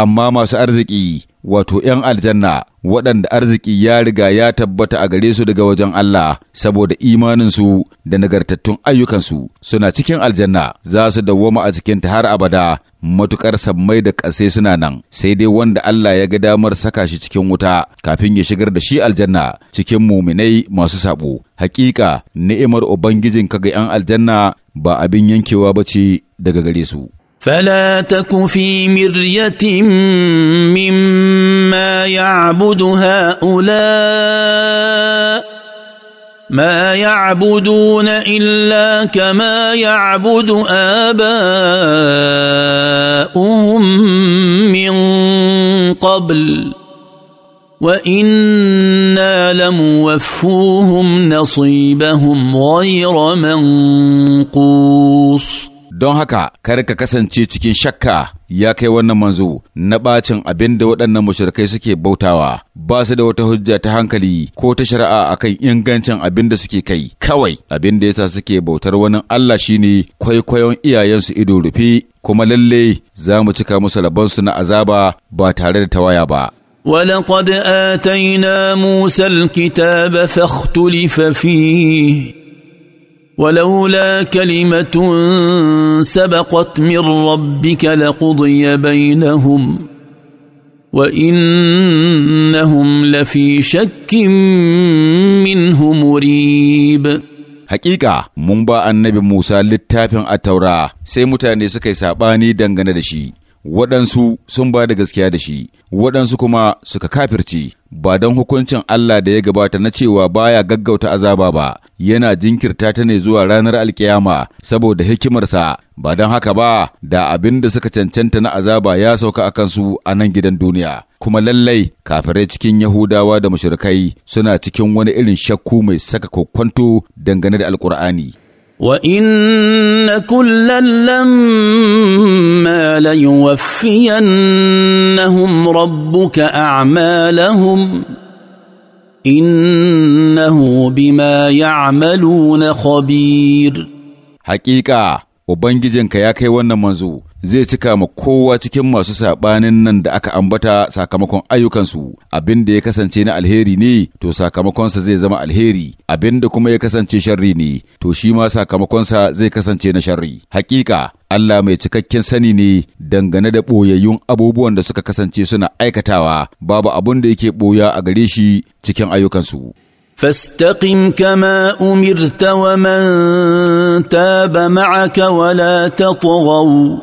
اما ما سارزقي wato ‘yan aljanna waɗanda arziki ya riga ya tabbata a gare su daga wajen Allah saboda imaninsu da nagartattun ayyukansu suna cikin aljanna za su dawwama a cikinta har abada matukar sammai da ƙase suna nan sai dai wanda Allah ya ga damar saka shi cikin wuta kafin ya shigar da shi aljanna cikin muminai masu saɓo. hakika ni'imar ubangijin kaga ‘yan aljanna ba abin yankewa ba ce daga gare su. فلا تك في مريه مما يعبد هؤلاء ما يعبدون الا كما يعبد اباؤهم من قبل وانا لموفوهم نصيبهم غير منقوص don haka kar ka kasance cikin shakka ya kai wannan manzo na bacin abin da waɗannan mushrikai suke bautawa ba su da wata hujja ta hankali ko ta shari'a akan ingancin abin da suke kai kawai abin da yasa suke bautar wani Allah shine kwaikwayon iyayensu ido rufe kuma lalle za mu cika musu labansu na azaba ba tare da tawaya ba ولقد آتينا موسى الكتاب فاختلف فيه ولولا كلمة سبقت من ربك لقضي بينهم وإنهم لفي شك منه مريب حقيقة منبا النبي موسى للتافن التوراة سيمتاني سكي ساباني دنگنا دشي waɗansu sun ba da gaskiya da shi, waɗansu kuma suka kafirci, ba don hukuncin Allah da ya gabata na cewa baya gaggauta azaba ba, yana jinkirta ta ne zuwa ranar alkiyama saboda hikimarsa, ba don haka ba da abin da suka cancanta na azaba ya sauka a kansu a nan gidan duniya. Kuma lallai kafirai cikin Yahudawa da mashirikai suna cikin wani irin shakku mai saka kokwanto dangane da alkur'ani. وان كلا لما ليوفينهم ربك اعمالهم innahu bima ya'maluna khabir hakika ubangijinka ya kai wannan manzo zai cika ma kowa cikin masu saɓanin nan da aka ambata sakamakon ayyukansu abin da ya kasance na alheri ne to sakamakonsa zai zama alheri abin da kuma ya kasance sharri ne to shi ma sakamakonsa zai kasance na sharri hakika Allah mai cikakken sani ne dangane da ɓoyayyun abubuwan da suka kasance suna aikatawa babu abin da yake ɓoya a gare shi cikin ayyukansu. فاستقم كما أمرت ومن تاب معك ولا تطغوا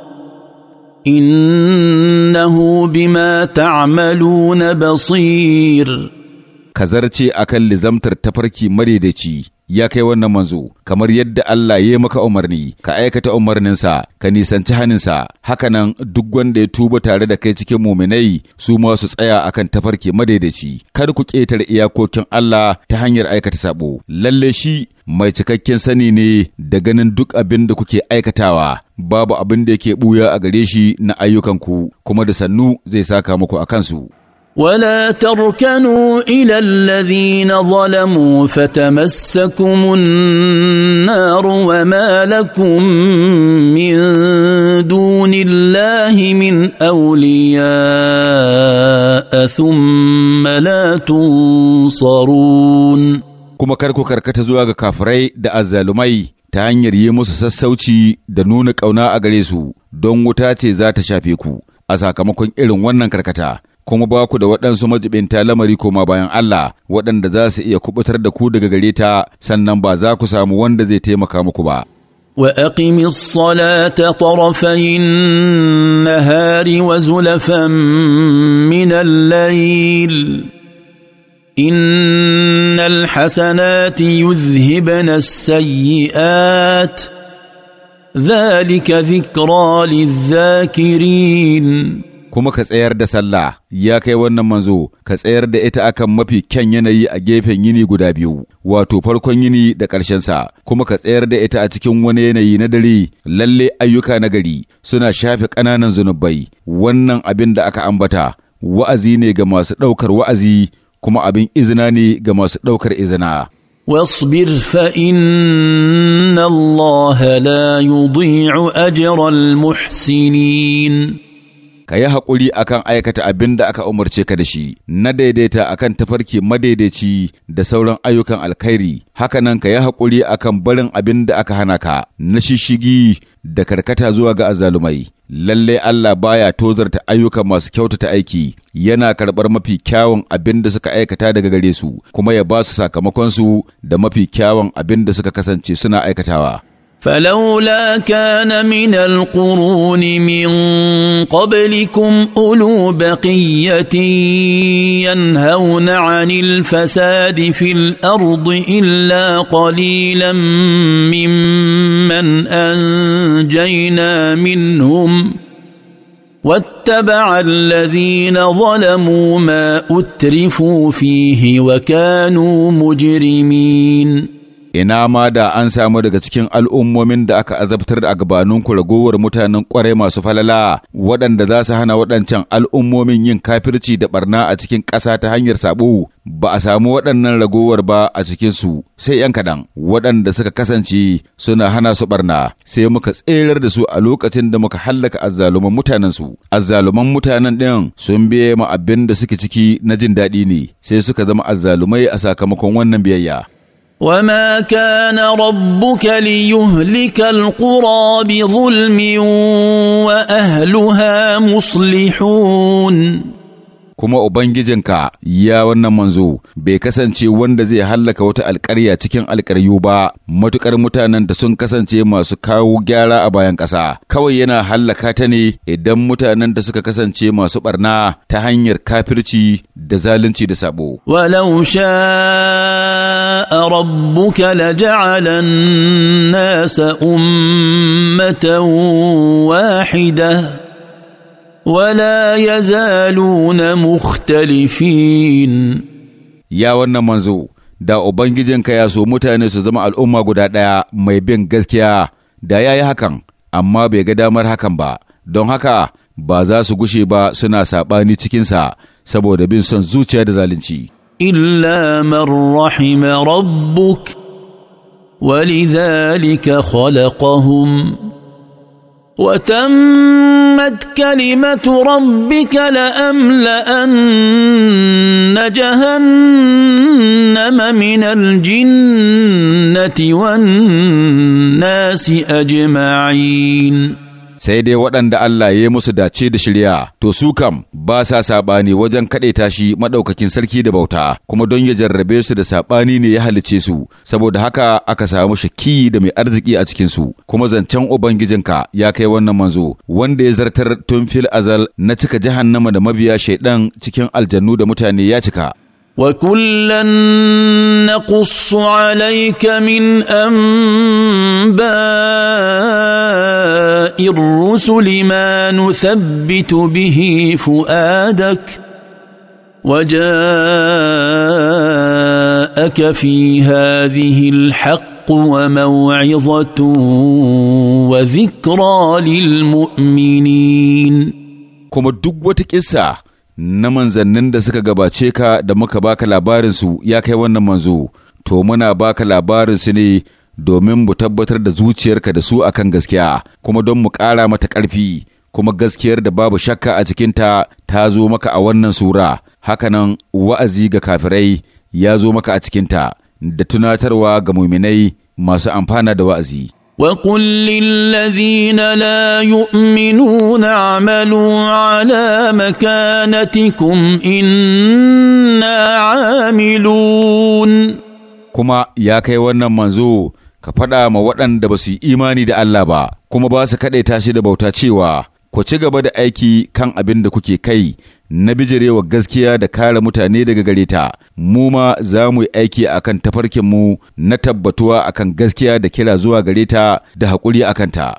إنه بما تعملون بصير كزرتي أكل لزمتر تفركي مريدتي ya kai wannan manzo kamar yadda Allah ya yi maka umarni ka aikata umarninsa ka nisanci haninsa hakanan duk wanda ya tuba tare da kai cikin muminai su ma su tsaya akan tafarki madaidaici kar ku ƙetare iyakokin Allah ta hanyar aikata sabo lalle shi mai cikakken sani ne da ganin duk abin da kuke aikatawa babu abin da yake buya a gare shi na ayyukanku kuma da sannu zai saka muku a kansu ولا تركنوا الى الذين ظلموا فتمسكم النار وما لكم من دون الله من اولياء ثم لا تنصرون kuma karku karkata zuwa ga kafirai da azzalumai ta hanyar yi musu sassauci da nuna ƙauna a gare su don wuta ce za ta shafe ku a sakamakon irin wannan karkata kuma ba ku da waɗansu majibinta lamari koma bayan Allah waɗanda za su iya kubutar da ku daga gare ta sannan ba za ku samu wanda zai taimaka muku ba. وأقم الصلاة طرفي النهار وزلفا من الليل إن الحسنات يذهبن السيئات ذلك ذكرى للذاكرين kuma ka tsayar da sallah ya kai wannan manzo ka tsayar da ita akan mafi kyan yanayi a gefen yini guda biyu wato farkon yini da sa kuma ka tsayar da ita a cikin wani yanayi na dare lalle ayyuka na gari suna shafe ƙananan zunubai wannan abin da aka ambata wa'azi ne ga masu ɗaukar wa'azi kuma abin izina ne ga masu ɗaukar izina واصبر فان الله لا يضيع اجر المحسنين ka yi haƙuri akan aikata abin da aka umarce ka da shi, na daidaita akan tafarki madaidaici da sauran ayyukan alkhairi, hakanan ka yi haƙuri akan barin abin da aka hana ka, na shishigi da karkata zuwa ga azalumai. Lallai Allah baya tozarta ayyuka masu kyautata aiki, yana karɓar mafi kyawun abin da suka aikata daga gare su, kuma ya ba su sakamakonsu da mafi kyawun abin da suka kasance suna aikatawa. فلولا كان من القرون من قبلكم اولو بقيه ينهون عن الفساد في الارض الا قليلا ممن انجينا منهم واتبع الذين ظلموا ما اترفوا فيه وكانوا مجرمين ina ma da an samu daga cikin al'ummomin da aka azabtar da gabaninku ragowar mutanen kwarai masu falala waɗanda za su hana waɗancan al'ummomin yin kafirci da barna a cikin ƙasa ta hanyar sabo ba a samu waɗannan ragowar ba a cikinsu sai ‘yan kaɗan waɗanda suka kasance suna hana su barna sai muka tserar da su a lokacin da muka hallaka azzaluman mutanensu azzaluman mutanen ɗin sun biye mu abin suke ciki na jin daɗi ne sai suka zama azzalumai a sakamakon wannan biyayya وما كان ربك ليهلك القرى بظلم واهلها مصلحون kuma Ubangijinka ya wannan manzo bai kasance wanda zai hallaka wata alkarya cikin alkaryu ba matukar mutanen da sun kasance masu kawo gyara a bayan ƙasa kawai yana hallaka ta ne idan mutanen da suka kasance masu barna ta hanyar kafirci da zalunci da sabo. Walau sha'a rabbuka laja'alan nasa ummatan wahida ولا يزالون مختلفين يا wannan manzo da ubangijinka ya so mutane su zama al'umma guda ɗaya mai bin gaskiya da yayi hakan amma bai ga damar hakan ba don haka ba za su gushe ba suna saɓani cikinsa saboda bin son zuciya da zalunci illa من رحم ربك ولذلك خلقهم وتمت كلمه ربك لاملان جهنم من الجنه والناس اجمعين sai dai waɗanda Allah ya musu dace da shirya to su kam ba sa saɓani wajen kaɗaita tashi maɗaukakin sarki da bauta kuma don ya jarrabe su da saɓani ne ya halice su saboda haka aka samu shakki da mai arziki a cikinsu kuma zancen ubangijinka ya kai wannan manzo wanda ya zartar tun fil azal na cika jahannama da mabiya shaidan cikin aljannu da mutane ya cika وكلا نقص عليك من انباء الرسل ما نثبت به فؤادك وجاءك في هذه الحق وموعظه وذكرى للمؤمنين كما دك وتكسه na manzannin da suka gabace ka da muka baka labarinsu ya kai wannan manzo, to muna baka labarinsu ne domin mu tabbatar da zuciyarka da su akan gaskiya, kuma don mu ƙara mata ƙarfi, kuma gaskiyar da babu shakka a cikinta ta zo maka a wannan sura, hakanan wa'azi ga kafirai ya zo maka a cikinta, da tunatarwa ga muminai masu amfana da wa'azi. وقل للذين لا يؤمنون اعملوا على مكانتكم انا عاملون kuma ya kai wannan manzo ka faɗa ma waɗanda ba su yi imani da Allah ba kuma ba su kaɗaita shi da bauta cewa ku ci gaba da aiki kan abin da kuke kai na bijirewa gaskiya da kare mutane daga gare ta, mu ma za mu yi aiki a kan tafarkinmu na tabbatuwa a kan gaskiya da kira zuwa gare ta da haƙuri a kanta.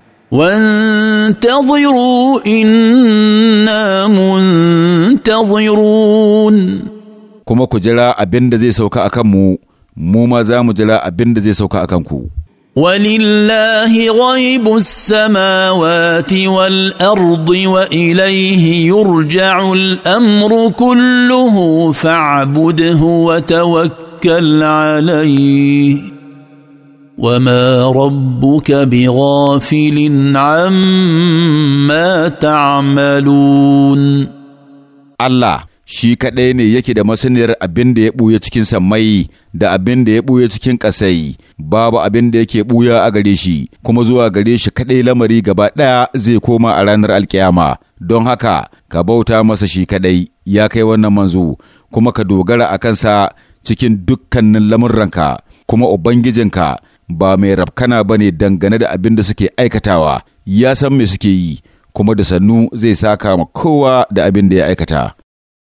kuma ku jira abin da zai sauka a kanmu, mu ma za mu jira abin da zai sauka a kanku. ولله غيب السماوات والارض واليه يرجع الامر كله فاعبده وتوكل عليه وما ربك بغافل عما تعملون الله shi kaɗai ne yake da masaniyar abin da ya ɓuya cikin sammai da abin da ya ɓuya cikin ƙasai, babu abin da yake ɓuya a gare shi, kuma zuwa gare shi kaɗai lamari gaba ɗaya zai koma a ranar alkiyama. Don haka, ka bauta masa shi kaɗai, ya kai wannan manzo, kuma ka dogara a kansa cikin dukkanin lamurranka, kuma Ubangijinka ba mai rafkana ba ne dangane da abin da suke aikatawa, ya san me suke yi, kuma da sannu zai saka ma kowa da abin da ya aikata.